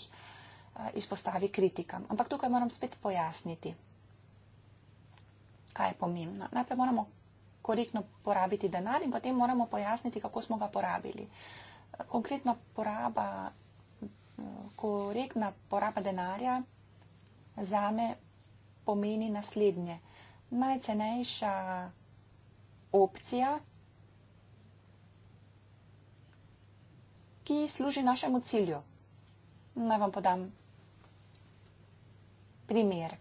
eh, izpostavi kritikam. Ampak tukaj moram spet pojasniti, kaj je pomembno. Najprej moramo korektno porabiti denar in potem moramo pojasniti, kako smo ga porabili. Eh, konkretno poraba korektna poraba denarja zame pomeni naslednje. Najcenejša opcija, ki služi našemu cilju. Naj vam podam primer.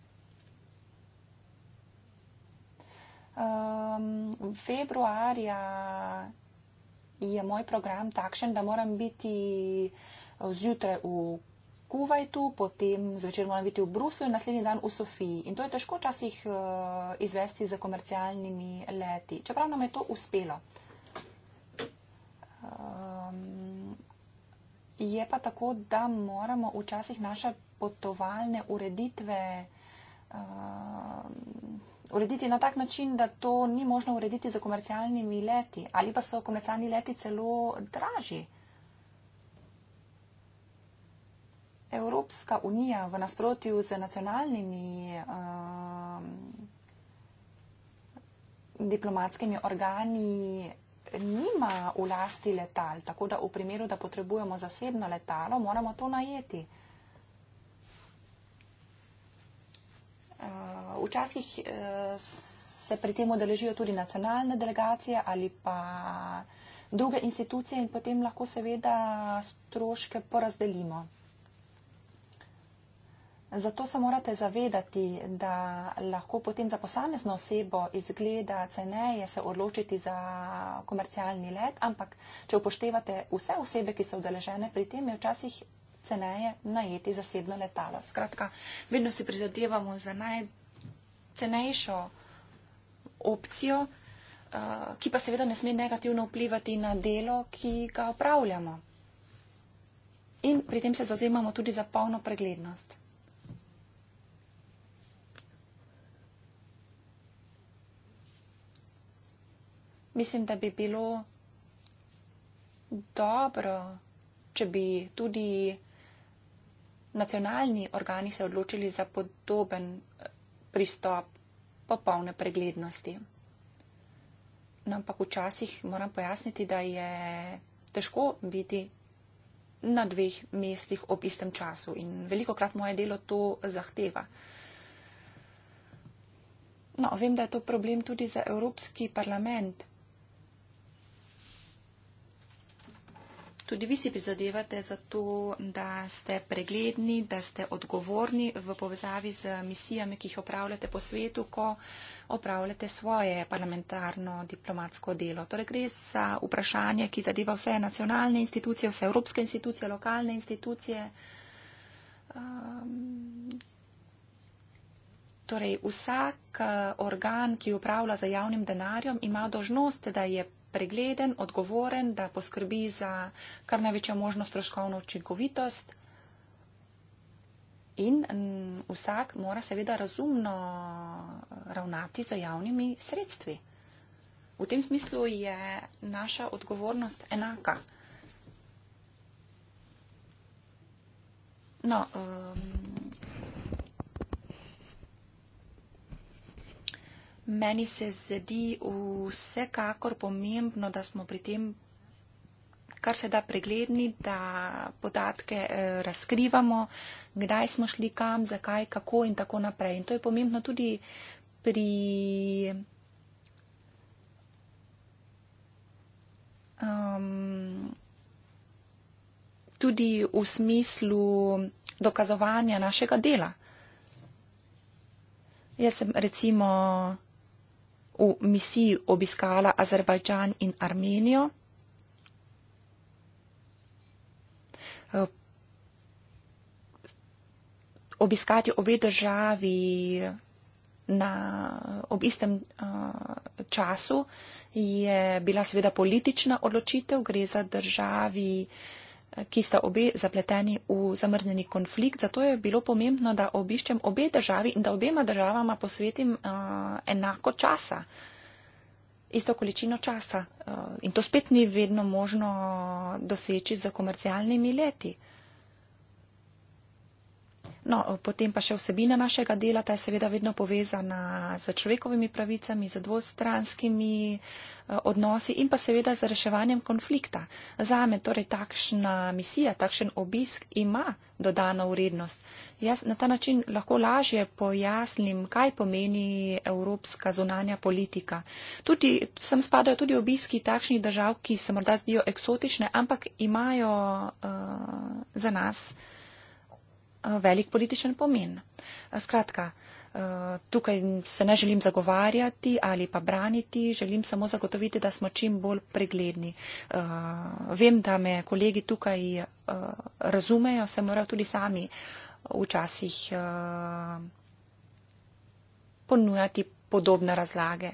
Um, februarja je moj program takšen, da moram biti uh, zjutraj v Kuwaitu, potem zvečer moram biti v Bruslu in naslednji dan v Sofiji. In to je težko včasih eh, izvesti z komercialnimi leti, čeprav nam je to uspelo. Ehm, je pa tako, da moramo včasih naše potovalne ureditve ehm, urediti na tak način, da to ni možno urediti z komercialnimi leti ali pa so komercialni leti celo dražji. Evropska unija v nasprotju z nacionalnimi um, diplomatskimi organi nima v lasti letal, tako da v primeru, da potrebujemo zasebno letalo, moramo to najeti. Uh, včasih uh, se pri tem odeležijo tudi nacionalne delegacije ali pa druge institucije in potem lahko seveda stroške porazdelimo. Zato se morate zavedati, da lahko potem za posamezno osebo izgleda ceneje se odločiti za komercialni let, ampak če upoštevate vse osebe, ki so vdeležene pri tem, je včasih ceneje najeti zasebno letalo. Skratka, vedno si prizadevamo za najcenejšo opcijo, eh, ki pa seveda ne sme negativno vplivati na delo, ki ga upravljamo. In pri tem se zauzemamo tudi za polno preglednost. mislim, da bi bilo dobro, če bi tudi nacionalni organi se odločili za podoben eh, pristop popolne preglednosti. No, ampak včasih moram pojasniti, da je težko biti na dveh mestih ob istem času in veliko krat moje delo to zahteva. No, vem, da je to problem tudi za Evropski parlament. tudi vi si prizadevate za to, da ste pregledni, da ste odgovorni v povezavi z misijami, ki jih opravljate po svetu, ko opravljate svoje parlamentarno diplomatsko delo. Torej gre za vprašanje, ki zadeva vse nacionalne institucije, vse evropske institucije, lokalne institucije. Um, Torej, vsak eh, organ, ki upravlja za javnim denarjem, ima dožnost, da je pregleden, odgovoren, da poskrbi za kar največjo možnost stroškovno učinkovitost. In vsak mora seveda razumno eh, ravnati z javnimi sredstvi. V tem smislu je naša odgovornost enaka. No, um, Meni se zdi vsekakor pomembno, da smo pri tem kar se da pregledni, da podatke eh, razkrivamo, kdaj smo šli kam, zakaj, kako in tako naprej. In to je pomembno tudi pri. Um, tudi v smislu dokazovanja našega dela. Jaz sem recimo v misiji obiskala Azerbajdžan in Armenijo. Eh, obiskati obe državi na, ob istem uh, času je bila seveda politična odločitev, gre za državi uh, ki sta obe zapleteni v zamrznjeni konflikt. Zato je bilo pomembno, da obiščem obe državi in da obema državama posvetim uh, enako časa, isto količino časa. Uh, in to spet ni vedno možno doseči z komercialnimi leti. No, potem pa še vsebina našega dela, ta je seveda vedno povezana z človekovimi pravicami, z dvostranskimi eh, odnosi in pa seveda z reševanjem konflikta. Zame torej takšna misija, takšen obisk ima dodano vrednost. Jaz na ta način lahko lažje pojasnim, kaj pomeni evropska zunanja politika. Tudi sem spadajo tudi obiski takšnih držav, ki se morda zdijo eksotične, ampak imajo uh, za nas. Eh, velik političen pomen. Eh, skratka, eh, tukaj se ne želim zagovarjati ali pa braniti, želim samo zagotoviti, da smo čim bolj pregledni. Vem, da me kolegi tukaj razumejo, se morajo tudi sami včasih ponujati podobne razlage.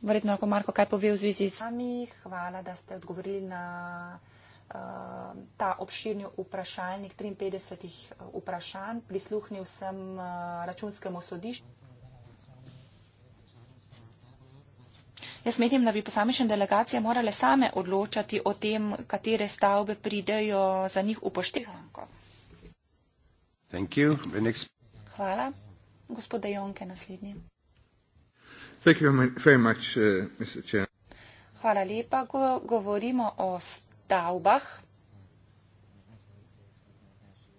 Verjetno lahko Marko kaj pove v zvezi z nami. Hvala, da ste odgovorili na. Um, ta obširni vprašalnik 53 uh, vprašanj prisluhnil sem uh, računskemu sodišču. Jaz medijem, da bi posamešne delegacije morale same odločati o tem, katere stavbe pridejo za njih upoštevanko. Hvala. Gospod Dejonke, naslednji. Thank you very much, uh, Mr. Chair. Hvala lepa. Go govorimo o stavbe stavbah.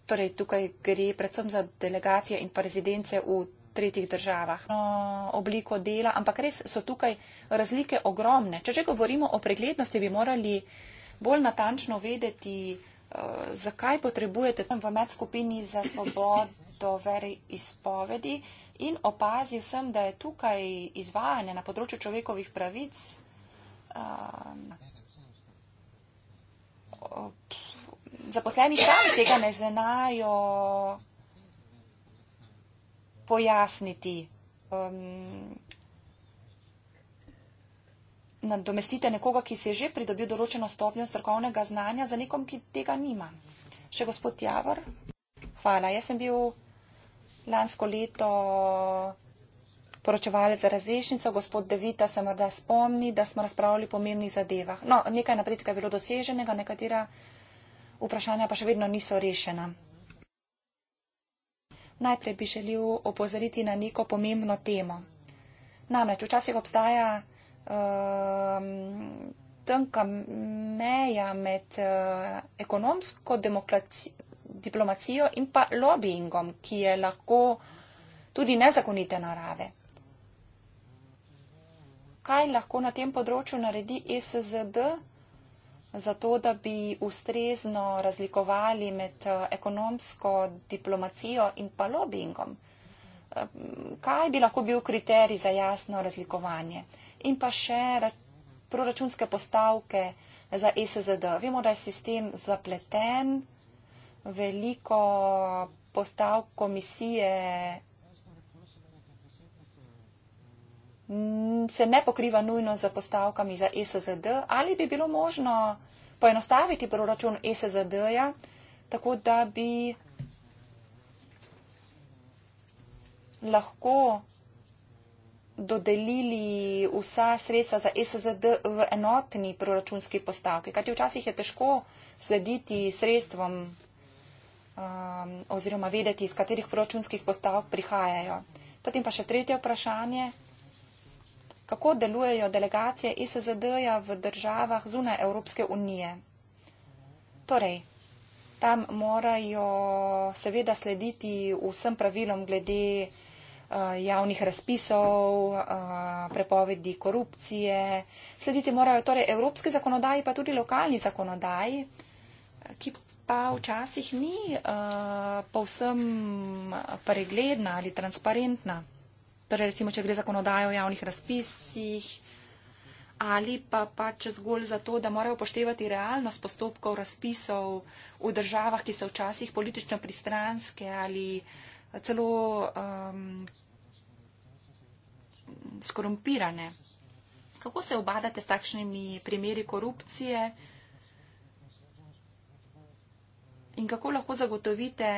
Torej, tukaj gre predvsem za delegacije in pa rezidence v tretjih državah. No, obliko dela, ampak res so tukaj razlike ogromne. Če že govorimo o preglednosti, bi morali bolj natančno vedeti, uh, zakaj potrebujete v med skupini za svobodo veri izpovedi in opazil sem, da je tukaj izvajanje na področju človekovih pravic. Uh, zaposleni sami tega ne znajo pojasniti. Um, nadomestite nekoga, ki se je že pridobil določeno stopnjo strokovnega znanja za nekom, ki tega nima. Še gospod Javor. Hvala. Jaz sem bil lansko leto poročevalec za različnico, gospod Devita se morda spomni, da smo razpravljali o pomembnih zadevah. No, nekaj napredka je bilo doseženega, nekatera vprašanja pa še vedno niso rešena. Najprej bi želel opozoriti na neko pomembno temo. Namreč včasih obstaja um, ehm, tanka meja med uh, ekonomsko diplomacijo in pa lobbyingom, ki je lahko tudi nezakonite narave kaj lahko na tem področju naredi SZD, zato da bi ustrezno razlikovali med eh, ekonomsko diplomacijo in pa lobbyingom? Eh, kaj bi lahko bil kriterij za jasno razlikovanje? In pa še proračunske postavke za SZD. Vemo, da je sistem zapleten, veliko postavk komisije Mm, se ne pokriva nujno za postavkami za SZD, ali bi bilo možno poenostaviti proračun SZD-ja, tako da bi lahko dodelili vsa sredstva za SZD v enotni proračunski postavki, kajti včasih je težko slediti sredstvom um, oziroma vedeti, iz katerih proračunskih postavk prihajajo. Potem pa še tretje vprašanje kako delujejo delegacije ISZD-ja v državah zunaj Evropske unije. Torej, tam morajo seveda slediti vsem pravilom glede eh, javnih razpisov, eh, prepovedi korupcije. Slediti morajo torej evropski zakonodaji, pa tudi lokalni zakonodaji, ki pa včasih ni uh, povsem pregledna ali transparentna. Torej, recimo, če gre za zakonodajo o javnih razpisih ali pa pač zgolj za to, da morajo poštevati realnost postopkov razpisov v državah, ki so včasih politično pristranske ali celo um, skorumpirane. Kako se obadate s takšnimi primeri korupcije in kako lahko zagotovite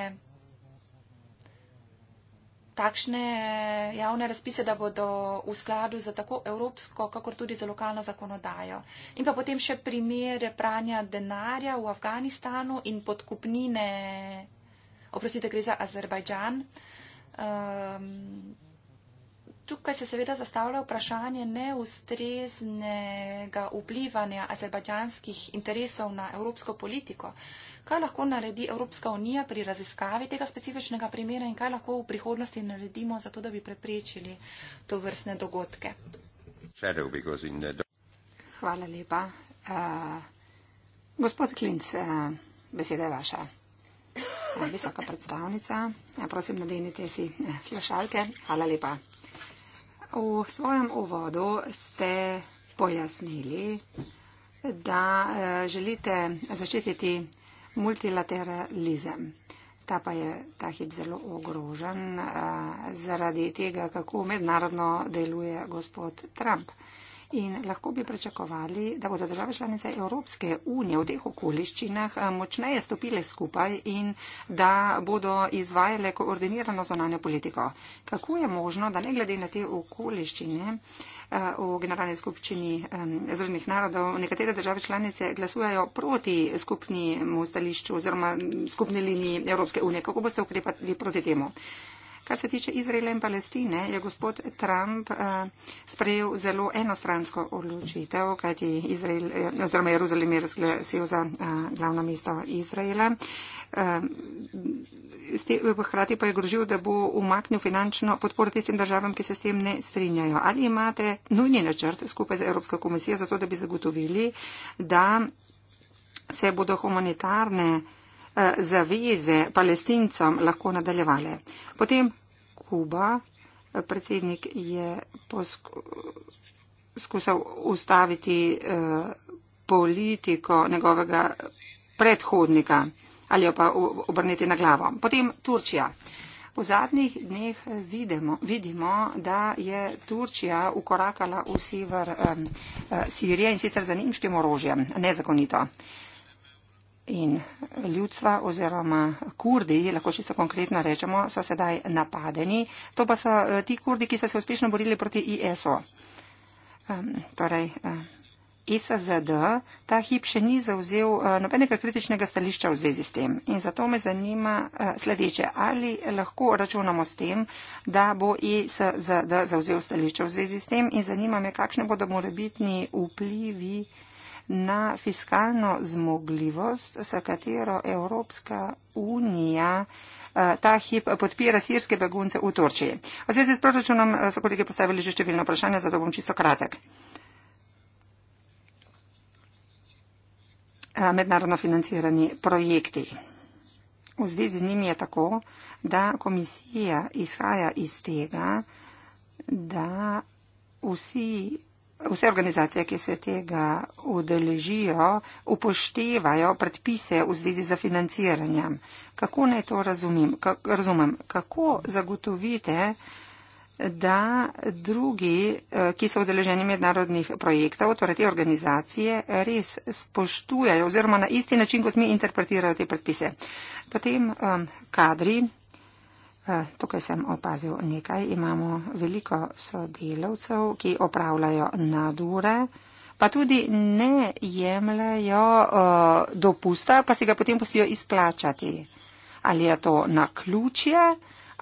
takšne eh, javne razpise, da bodo v skladu za tako evropsko, kakor tudi za lokalno zakonodajo. In pa potem še primer pranja denarja v Afganistanu in podkupnine, oprostite, gre za Azerbajdžan. Um, tukaj se seveda zastavlja vprašanje neustreznega vplivanja azerbajdžanskih interesov na evropsko politiko. Uh, kaj lahko naredi Evropska unija pri raziskavi tega specifičnega primera in kaj lahko v prihodnosti naredimo za to, da bi preprečili to vrstne dogodke. Hvala lepa. Uh, gospod Klinc, uh, beseda je vaša. Uh, visoka predstavnica, ja, prosim, nadenite si eh, slušalke. Hvala lepa. V svojem uvodu ste pojasnili, da uh, želite zaščititi multilateralizem. Ta pa je ta hip zelo ogrožen uh, zaradi tega, kako mednarodno deluje gospod Trump. In lahko bi pričakovali, da bodo države članice Evropske unije v teh okoliščinah eh, močneje stopile skupaj in da bodo izvajale koordinirano zonanjo politiko. Kako je možno, da ne glede na te okoliščine, uh, v Generalni skupščini Združenih narodov. Nekatere države članice glasujejo proti skupnemu stališču oziroma skupni liniji Evropske unije. Kako boste ukrepali proti temu? Kar se tiče Izraela in Palestine, je gospod Trump uh, sprejel zelo enostransko odločitev, kajti Izrael, eh, oziroma Jeruzalem je razglasil za uh, glavno mesto Izraela. Uh, hkrati pa je grožil, da bo umaknil finančno podporo tistim državam, ki se s tem ne strinjajo. Ali imate nujni načrt skupaj z Evropsko komisijo za to, da bi zagotovili, da se bodo humanitarne. Eh, zaveze palestincem lahko nadaljevale. Potem Kuba, eh, predsednik je poskusal ustaviti eh, politiko njegovega predhodnika ali jo pa obrniti na glavo. Potem Turčija. V zadnjih dneh vidimo, vidimo, da je Turčija ukorakala v sever eh, Sirije in sicer za nemškim orožjem, nezakonito. Eh, in ljudstva oziroma kurdi, lahko čisto konkretno rečemo, so sedaj napadeni. To pa so eh, ti kurdi, ki so se uspešno borili proti ISO. Um, ehm, torej, ISZD eh, ta hip še ni zauzel eh, nobenega kritičnega stališča v zvezi s tem. In zato me zanima sledeče, ali lahko računamo s tem, da bo ISZD zauzel stališče v zvezi s tem in zanima me, kakšne bodo morebitni vplivi na fiskalno zmogljivost, s katero Evropska unija eh, ta hip podpira sirske begunce v Turčiji. V zvezi s proračunom eh, so kolegi postavili že številno vprašanje, zato bom čisto kratek. Eh, mednarodno financirani projekti. V zvezi z njimi je tako, da komisija izhaja iz tega, da vsi vse organizacije, ki se tega udeležijo, upoštevajo predpise v zvezi za financiranjem. Kako naj to razumim? Kak, razumem? Kako zagotovite, da drugi, eh, ki so udeleženi mednarodnih projektov, torej te organizacije, res spoštujajo oziroma na isti način, kot mi interpretirajo te predpise? Potem um, kadri. Eh, tukaj sem opazil nekaj. Imamo veliko sodelavcev, ki opravljajo nadure, pa tudi ne jemljajo eh, dopusta, pa si ga potem pustijo izplačati. Ali je to na ključje,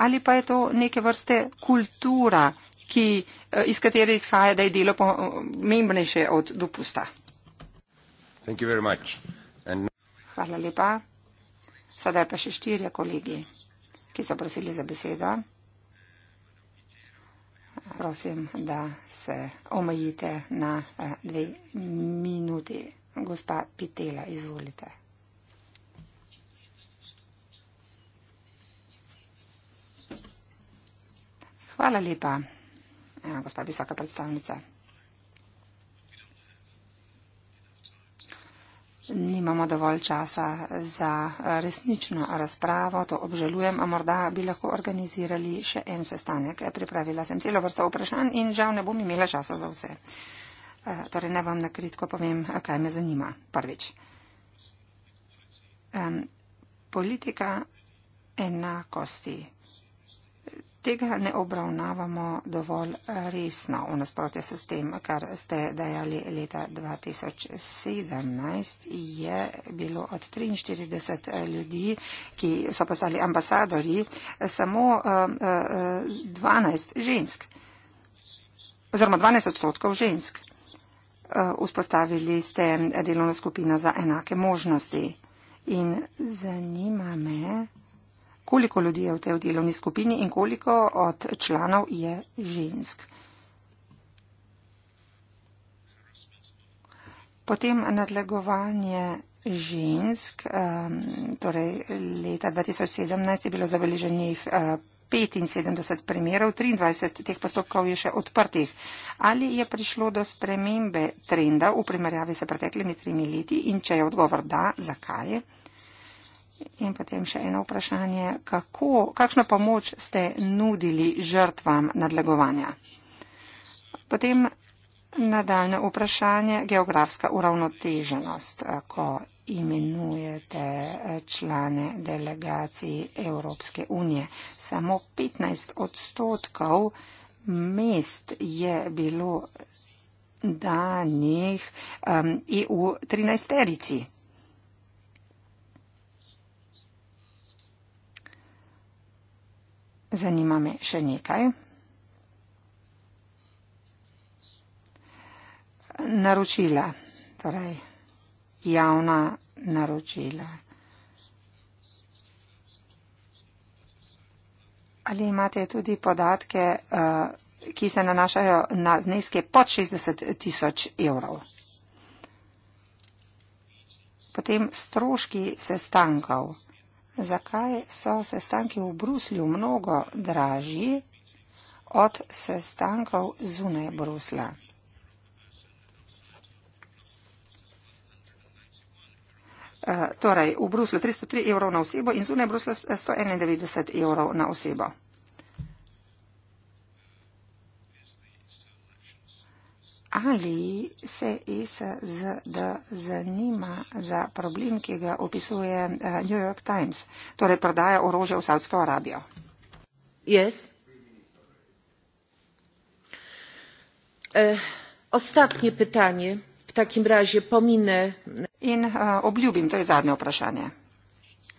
ali pa je to neke vrste kultura, ki, eh, iz katere izhaja, da je delo pomembnejše od dopusta. Hvala lepa. Sada je pa še štirje kolegi ki so prosili za besedo. Prosim, da se omejite na eh, dve minuti. Gospa Pitela, izvolite. Hvala lepa, eh, gospa visoka predstavnica. nimamo dovolj časa za eh, resnično razpravo, to obžalujem, a morda bi lahko organizirali še en sestanek. Pripravila sem celo vrsto vprašanj in žal ne bom imela časa za vse. Eh, torej ne vam nakritko povem, kaj me zanima. Prvič. Politika enakosti tega ne obravnavamo dovolj resno v nasprotju s tem, kar ste dajali leta 2017. Je bilo od 43 ljudi, ki so postali ambasadori, samo 12 eh, eh, žensk, oziroma 12 odstotkov žensk. Eh, vzpostavili ste delovno skupino za enake možnosti. In zanima me, koliko ljudi je v tej delovni skupini in koliko od članov je žensk. Potem nadlegovanje žensk, torej leta 2017 je bilo zabeleženih 75 eh, primerov, 23 teh postopkov je še odprtih. Ali je prišlo do spremembe trenda v primerjavi s preteklimi tremi leti in če je odgovor da, zakaj je? In potem še eno vprašanje, kako, kakšno pomoč ste nudili žrtvam nadlegovanja? Potem nadaljne vprašanje, geografska uravnoteženost, ko imenujete eh, člane delegaciji Evropske unije. Samo 15 odstotkov mest je bilo danih um, ehm, EU 13 terici. Zanima me še nekaj. Naročila, torej javna naročila. Ali imate tudi podatke, eh, ki se nanašajo na zneske pod 60 tisoč evrov? Potem stroški sestankov zakaj so sestanki v Bruslju mnogo dražji od sestankov zunaj Brusla. Eh, torej, v Bruslu 303 evrov na osebo in zunaj Brusla 191 evrov na osebo. ali se ESZD zanima za problem, ki ga opisuje eh, New York Times, torej prodaja orožja v Saudsko Arabijo. Yes. Eh, ostatnje vprašanje, v takem razie pomine. In eh, obljubim, to je zadnje vprašanje.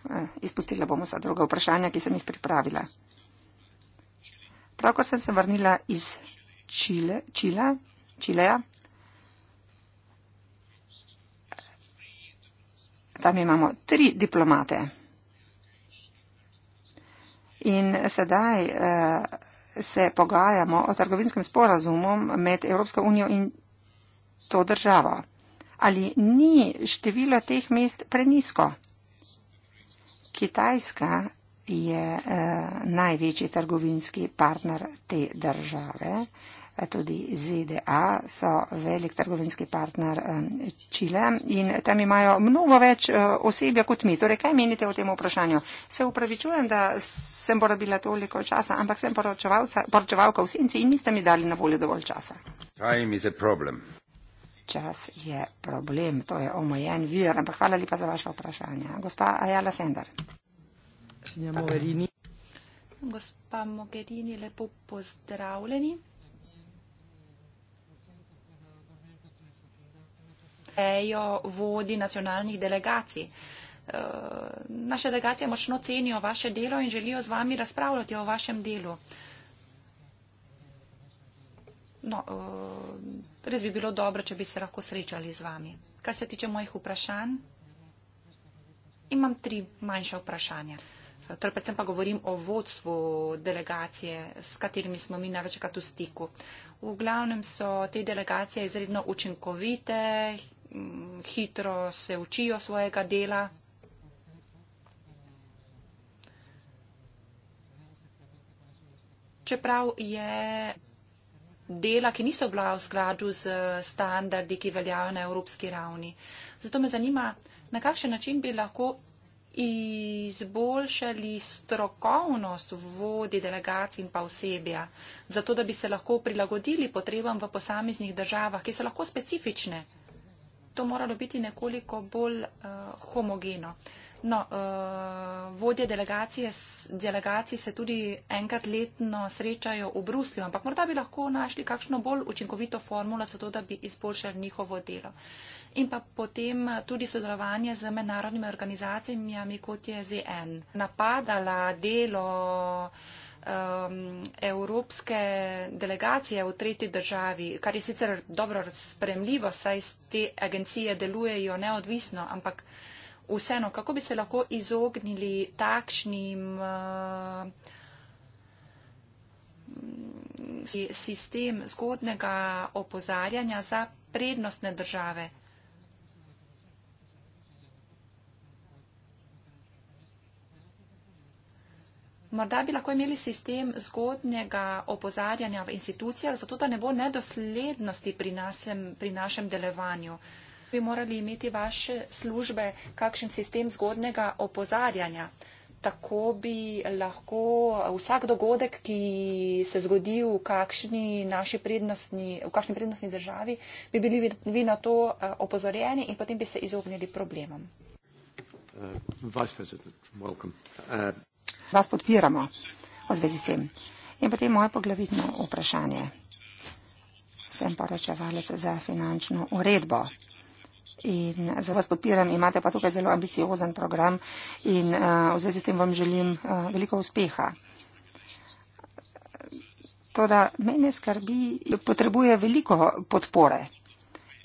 Eh, izpustila bomo za druga vprašanja, ki sem jih pripravila. Pravkar sem se vrnila iz Čile, Čila, Chilea. Tam imamo tri diplomate. In sedaj uh, se pogajamo o trgovinskem sporazumu med Evropsko unijo in to državo. Ali ni število teh mest prenisko? Kitajska je uh, največji trgovinski partner te države. Uh, tudi ZDA so velik trgovinski partner Čile in tam imajo mnogo več eh, osebja kot mi. Torej, kaj menite o tem vprašanju? Se upravičujem, da sem porabila toliko časa, ampak sem poročevalka v Sinci in niste mi dali na voljo dovolj časa. Čas je problem, to je omejen vir, ampak hvala lepa za vaše vprašanje. Gospa Ajala Sender. Gospa Mogherini, lepo pozdravljeni. pompejo vodi nacionalnih delegacij. Eh, Naše delegacije močno cenijo vaše delo in želijo z vami razpravljati o vašem delu. No, eh, res bi bilo dobro, če bi se lahko srečali z vami. Kar se tiče mojih vprašanj, imam tri manjše vprašanja. Eh, torej, predvsem pa govorim o vodstvu delegacije, s katerimi smo mi največkrat v stiku. V glavnem so te delegacije izredno učinkovite, Mm, hitro se učijo svojega dela. Čeprav je dela, ki niso bila v skladu z standardi, ki veljajo na evropski ravni. Zato me zanima, na kakšen način bi lahko izboljšali strokovnost vodi delegacij in pa osebja, zato da bi se lahko prilagodili potrebam v posameznih državah, ki so lahko specifične to moralo biti nekoliko bolj uh, homogeno. No, uh, vodje delegacije, delegacij se tudi enkrat letno srečajo v Bruslju, ampak morda bi lahko našli kakšno bolj učinkovito formulo za to, da bi izboljšali njihovo delo. In pa potem eh, tudi sodelovanje z mednarodnimi organizacijami, kot je ZN. Napadala delo um, evropske delegacije v tretji državi, kar je sicer dobro spremljivo, saj te agencije delujejo neodvisno, ampak vseeno, kako bi se lahko izognili takšnim uh, sistem zgodnega opozarjanja za prednostne države? Morda bi lahko imeli sistem zgodnjega opozarjanja v institucijah, zato da ne bo nedoslednosti pri, nasem, pri našem delovanju. Bi morali imeti vaše službe kakšen sistem zgodnega opozarjanja. Tako bi lahko vsak dogodek, ki se zgodi v kakšni naši prednostni, v kakšni prednostni državi, bi bili vi na to eh, opozorjeni in potem bi se izognili problemom. Uh, vas podpiramo v zvezi s tem. In potem moje poglavitno vprašanje. Sem poročevalec za finančno uredbo. In za vas podpiram, imate pa tukaj zelo ambiciozen program in uh, v zvezi s tem vam želim uh, veliko uspeha. Toda mene skrbi, potrebuje veliko podpore.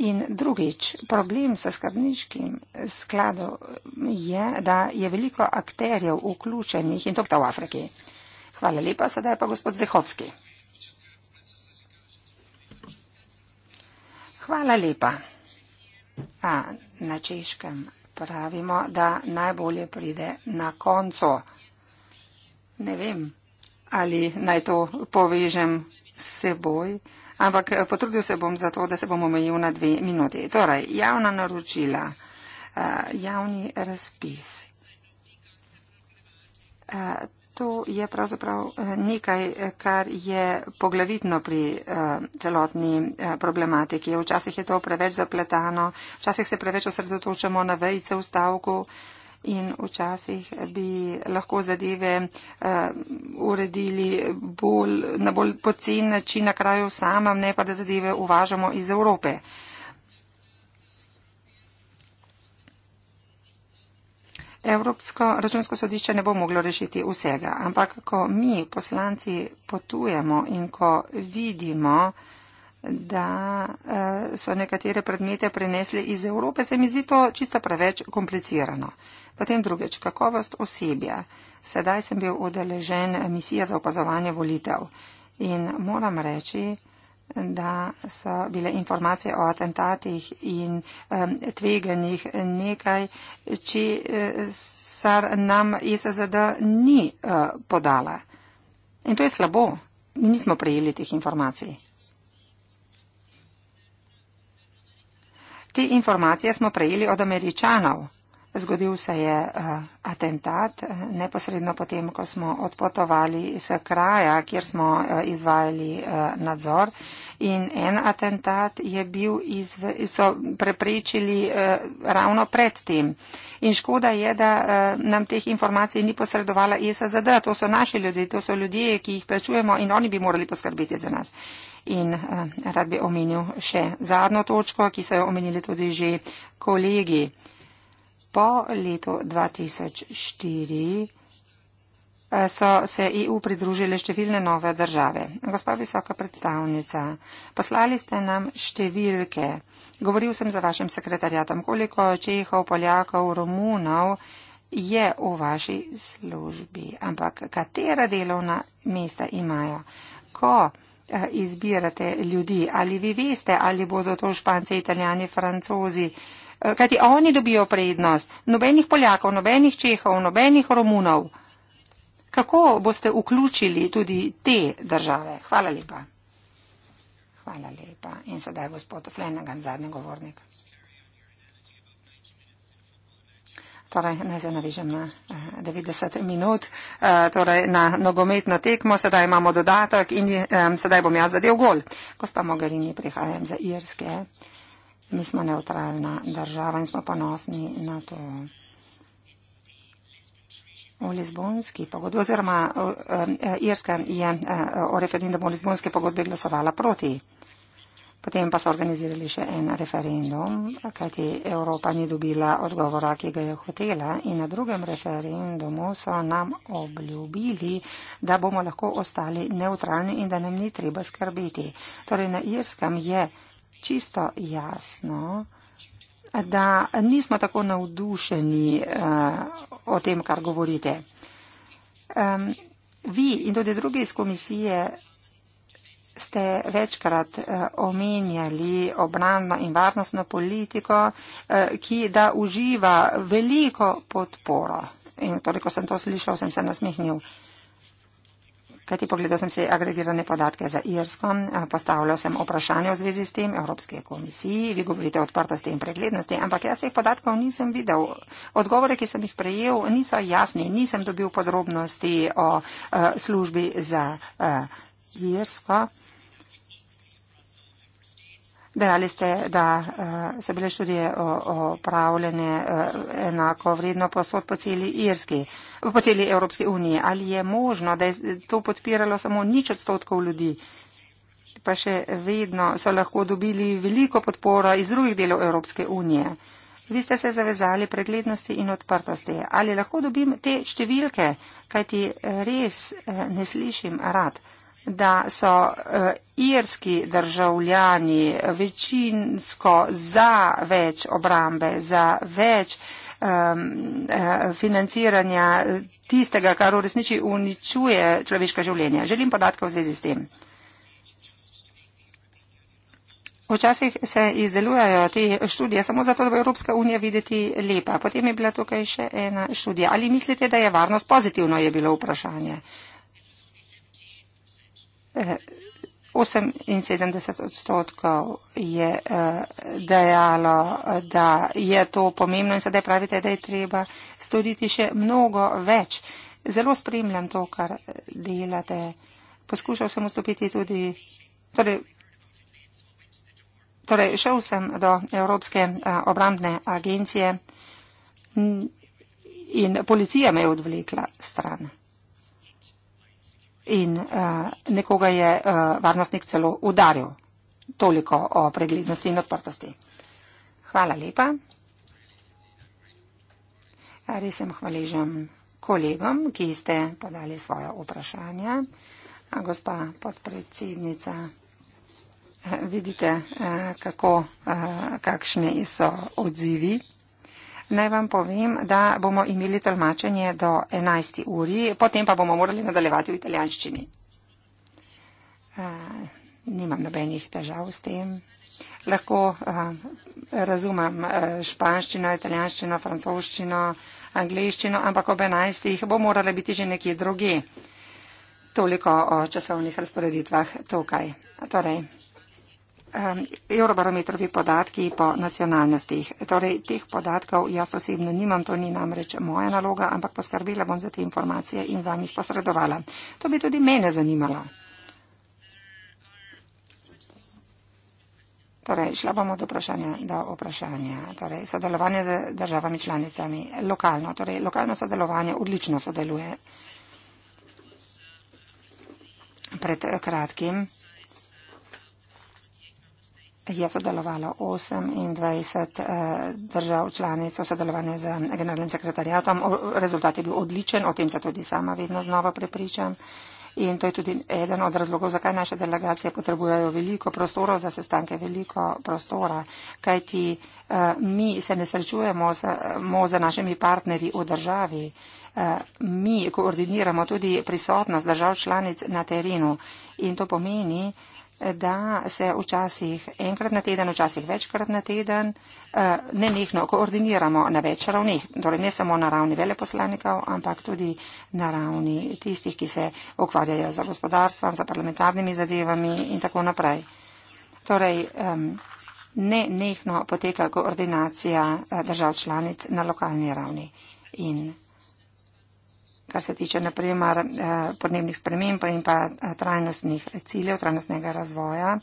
In drugič, problem s skrbniškim skladom je, da je veliko akterjev vključenih in to v Afriki. Hvala lepa, sedaj pa gospod Zdehovski. Hvala lepa. A, na češkem pravimo, da najbolje pride na koncu. Ne vem, ali naj to povežem s seboj ampak eh, potrudil se bom za to, da se bom omejil na dve minuti. Torej, javna naročila, eh, javni razpis. Eh, to je pravzaprav nekaj, kar je poglavitno pri celotni problematiki. Včasih je to preveč zapletano, včasih se preveč osredotočamo na vejce v stavku in včasih bi lahko zadeve uh, uredili bolj, na bolj pocen način na kraju samem, ne pa da zadeve uvažamo iz Evrope. Evropsko računsko sodišče ne bo moglo rešiti vsega, ampak ko mi poslanci potujemo in ko vidimo, uh, da eh, so nekatere predmete prenesli iz Evrope, se mi zdi to čisto preveč komplicirano. Potem drugeč, kakovost osebja. Sedaj sem bil udeležen misije za opazovanje volitev in moram reči, da so bile informacije o atentatih in um, tveganjih nekaj, če eh, sar nam ISZD e ni uh, podala. In to je slabo. Mi nismo prejeli teh informacij. Te informacije smo prejeli od američanov. Zgodil se je uh, atentat eh, neposredno potem, ko smo odpotovali iz kraja, kjer smo uh, izvajali uh, nadzor in en atentat je bil izve, so preprečili uh, ravno pred tem. In škoda je, da uh, nam teh informacij ni posredovala ISZD. E to so naši ljudje, to so ljudje, ki jih plačujemo in oni bi morali poskrbeti za nas. Uh, In eh, rad bi omenil še zadnjo točko, ki so jo omenili tudi že kolegi. Po letu 2004 eh, so se EU pridružile številne nove države. Gospa visoka predstavnica, poslali ste nam številke. Govoril sem za vašim sekretarjatom, koliko Čehov, Poljakov, Romunov je v vaši službi, ampak katera delovna mesta imajo. Ko Eh, izbirate ljudi, ali vi veste, ali bodo to španci, italijani, francozi. Eh, kajti oni dobijo prednost, nobenih Poljakov, nobenih Čehov, nobenih Romunov. Kako boste vključili tudi te države? Hvala lepa. Hvala lepa. In sedaj gospod Flenagan, zadnji govornik. torej ne se navižem na 90 eh, minut, eh, torej na nogometno tekmo, sedaj imamo dodatek in eh, sedaj bom jaz zadev gol. Gospa Mogherini, prihajam za Irske. Mi smo neutralna država in smo ponosni na to. V Lizbonski pogodbi, oziroma Irska je o referendumu o Lizbonski pogodbi glasovala proti. Potem pa so organizirali še en referendum, kajti Evropa ni dobila odgovora, ki ga je hotela. In na drugem referendumu so nam obljubili, da bomo lahko ostali neutralni in da nam ni treba skrbeti. Torej na Irskem je čisto jasno, da nismo tako navdušeni uh, o tem, kar govorite. Um, vi in tudi drugi iz komisije ste večkrat eh, omenjali obrambno in varnostno politiko, eh, ki da uživa veliko podporo. In toliko sem to slišal, sem se nasmehnil. Kajti pogledal sem se agregirane podatke za Irsko, eh, postavljal sem vprašanje v zvezi s tem Evropske komisiji, vi govorite o odprtosti in preglednosti, ampak jaz teh podatkov nisem videl. Odgovore, ki sem jih prejel, niso jasni, nisem dobil podrobnosti o uh, službi za. Uh, versko. Dejali ste, da eh, so bile študije opravljene eh, enako vredno posod po celi, Irski, po celi Evropski uniji. Ali je možno, da je to podpiralo samo nič odstotkov ljudi, pa še vedno so lahko dobili veliko podporo iz drugih delov Evropske unije? Vi ste se zavezali preglednosti in odprtosti. Ali lahko dobim te številke, kaj ti eh, res ne slišim rad? da so uh, irski državljani večinsko za več obrambe, za več um, uh, financiranja tistega, kar v resniči uničuje človeška življenja. Želim podatke v zvezi s tem. Včasih se izdelujejo te študije samo zato, da bo Evropska unija videti lepa. Potem je bila tukaj še ena študija. Ali mislite, da je varnost pozitivno, je bilo vprašanje. Uh, 78 eh, odstotkov je eh, dejalo, da je to pomembno in sedaj pravite, da je treba storiti še mnogo več. Zelo spremljam to, kar delate. Poskušal sem vstopiti tudi. Torej, torej šel sem do Evropske eh, obrambne agencije in policija me je odvlekla stran in uh, nekoga je uh, varnostnik celo udaril. Toliko o preglednosti in odprtosti. Hvala lepa. Res sem hvaležen kolegom, ki ste podali svoja vprašanja. Gospa podpredsednica, eh, vidite, kako, kakšne so odzivi. Naj vam povem, da bomo imeli tolmačenje do 11. uri, potem pa bomo morali nadaljevati v italijanščini. Uh, nimam nobenih težav s tem. Lahko uh, razumem uh, španščino, italijanščino, francoščino, angliščino, ampak ob 11. bo morala biti že nekje druge. Toliko o časovnih razporeditvah tukaj. Torej, eurobarometrovi podatki po nacionalnostih. Torej, teh podatkov jaz osebno nimam, to ni namreč moja naloga, ampak poskrbila bom za te informacije in vam jih posredovala. To bi tudi mene zanimalo. Torej, šla bom od vprašanja do vprašanja. Torej, sodelovanje z državami članicami. Lokalno, torej, lokalno sodelovanje odlično sodeluje. Pred kratkim je sodelovalo 28 eh, držav članic v sodelovanju z generalnim sekretarjatom. Rezultat je bil odličen, o tem se tudi sama vedno znova prepričam. In to je tudi eden od razlogov, zakaj naše delegacije potrebujejo veliko prostora za sestanke, veliko prostora, kajti eh, mi se ne srečujemo z, mo, z našimi partnerji v državi. Eh, mi koordiniramo tudi prisotnost držav članic na terenu in to pomeni, da se včasih enkrat na teden, včasih večkrat na teden, eh, ne njihno koordiniramo na več ravnih, torej ne samo na ravni veleposlanikov, ampak tudi na ravni tistih, ki se ukvarjajo za gospodarstvom, za parlamentarnimi zadevami in tako naprej. Torej, ne njihno poteka koordinacija eh, držav članic na lokalni ravni. In kar se tiče naprimer eh, podnebnih sprememb in pa eh, trajnostnih ciljev, trajnostnega razvoja.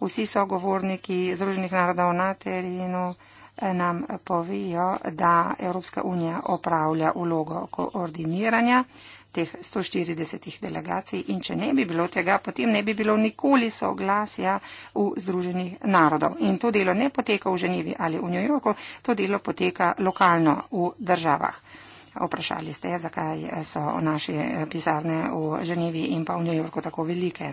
Vsi so govorniki Združenih narodov na terenu eh, nam povijo, da Evropska unija opravlja ulogo koordiniranja teh 140 delegacij in če ne bi bilo tega, potem ne bi bilo nikoli soglasja v Združenih narodov. In to delo ne poteka v Ženevi ali v New Yorku, to delo poteka lokalno v državah. Vprašali ste, zakaj so naše pisarne v Ženevi in pa v New Yorku tako velike.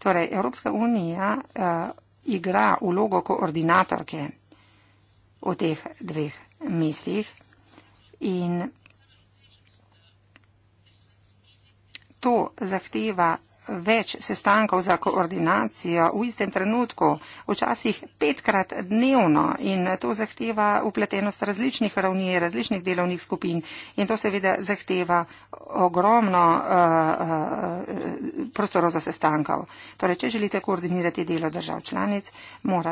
Torej, Evropska unija uh, igra vlogo koordinatorke v teh dveh mestih in to zahteva več sestankov za koordinacijo v istem trenutku, včasih petkrat dnevno in to zahteva upletenost različnih ravni, različnih delovnih skupin in to seveda zahteva ogromno uh, uh, prostorov za sestankov. Torej, če želite koordinirati delo držav članic, morate.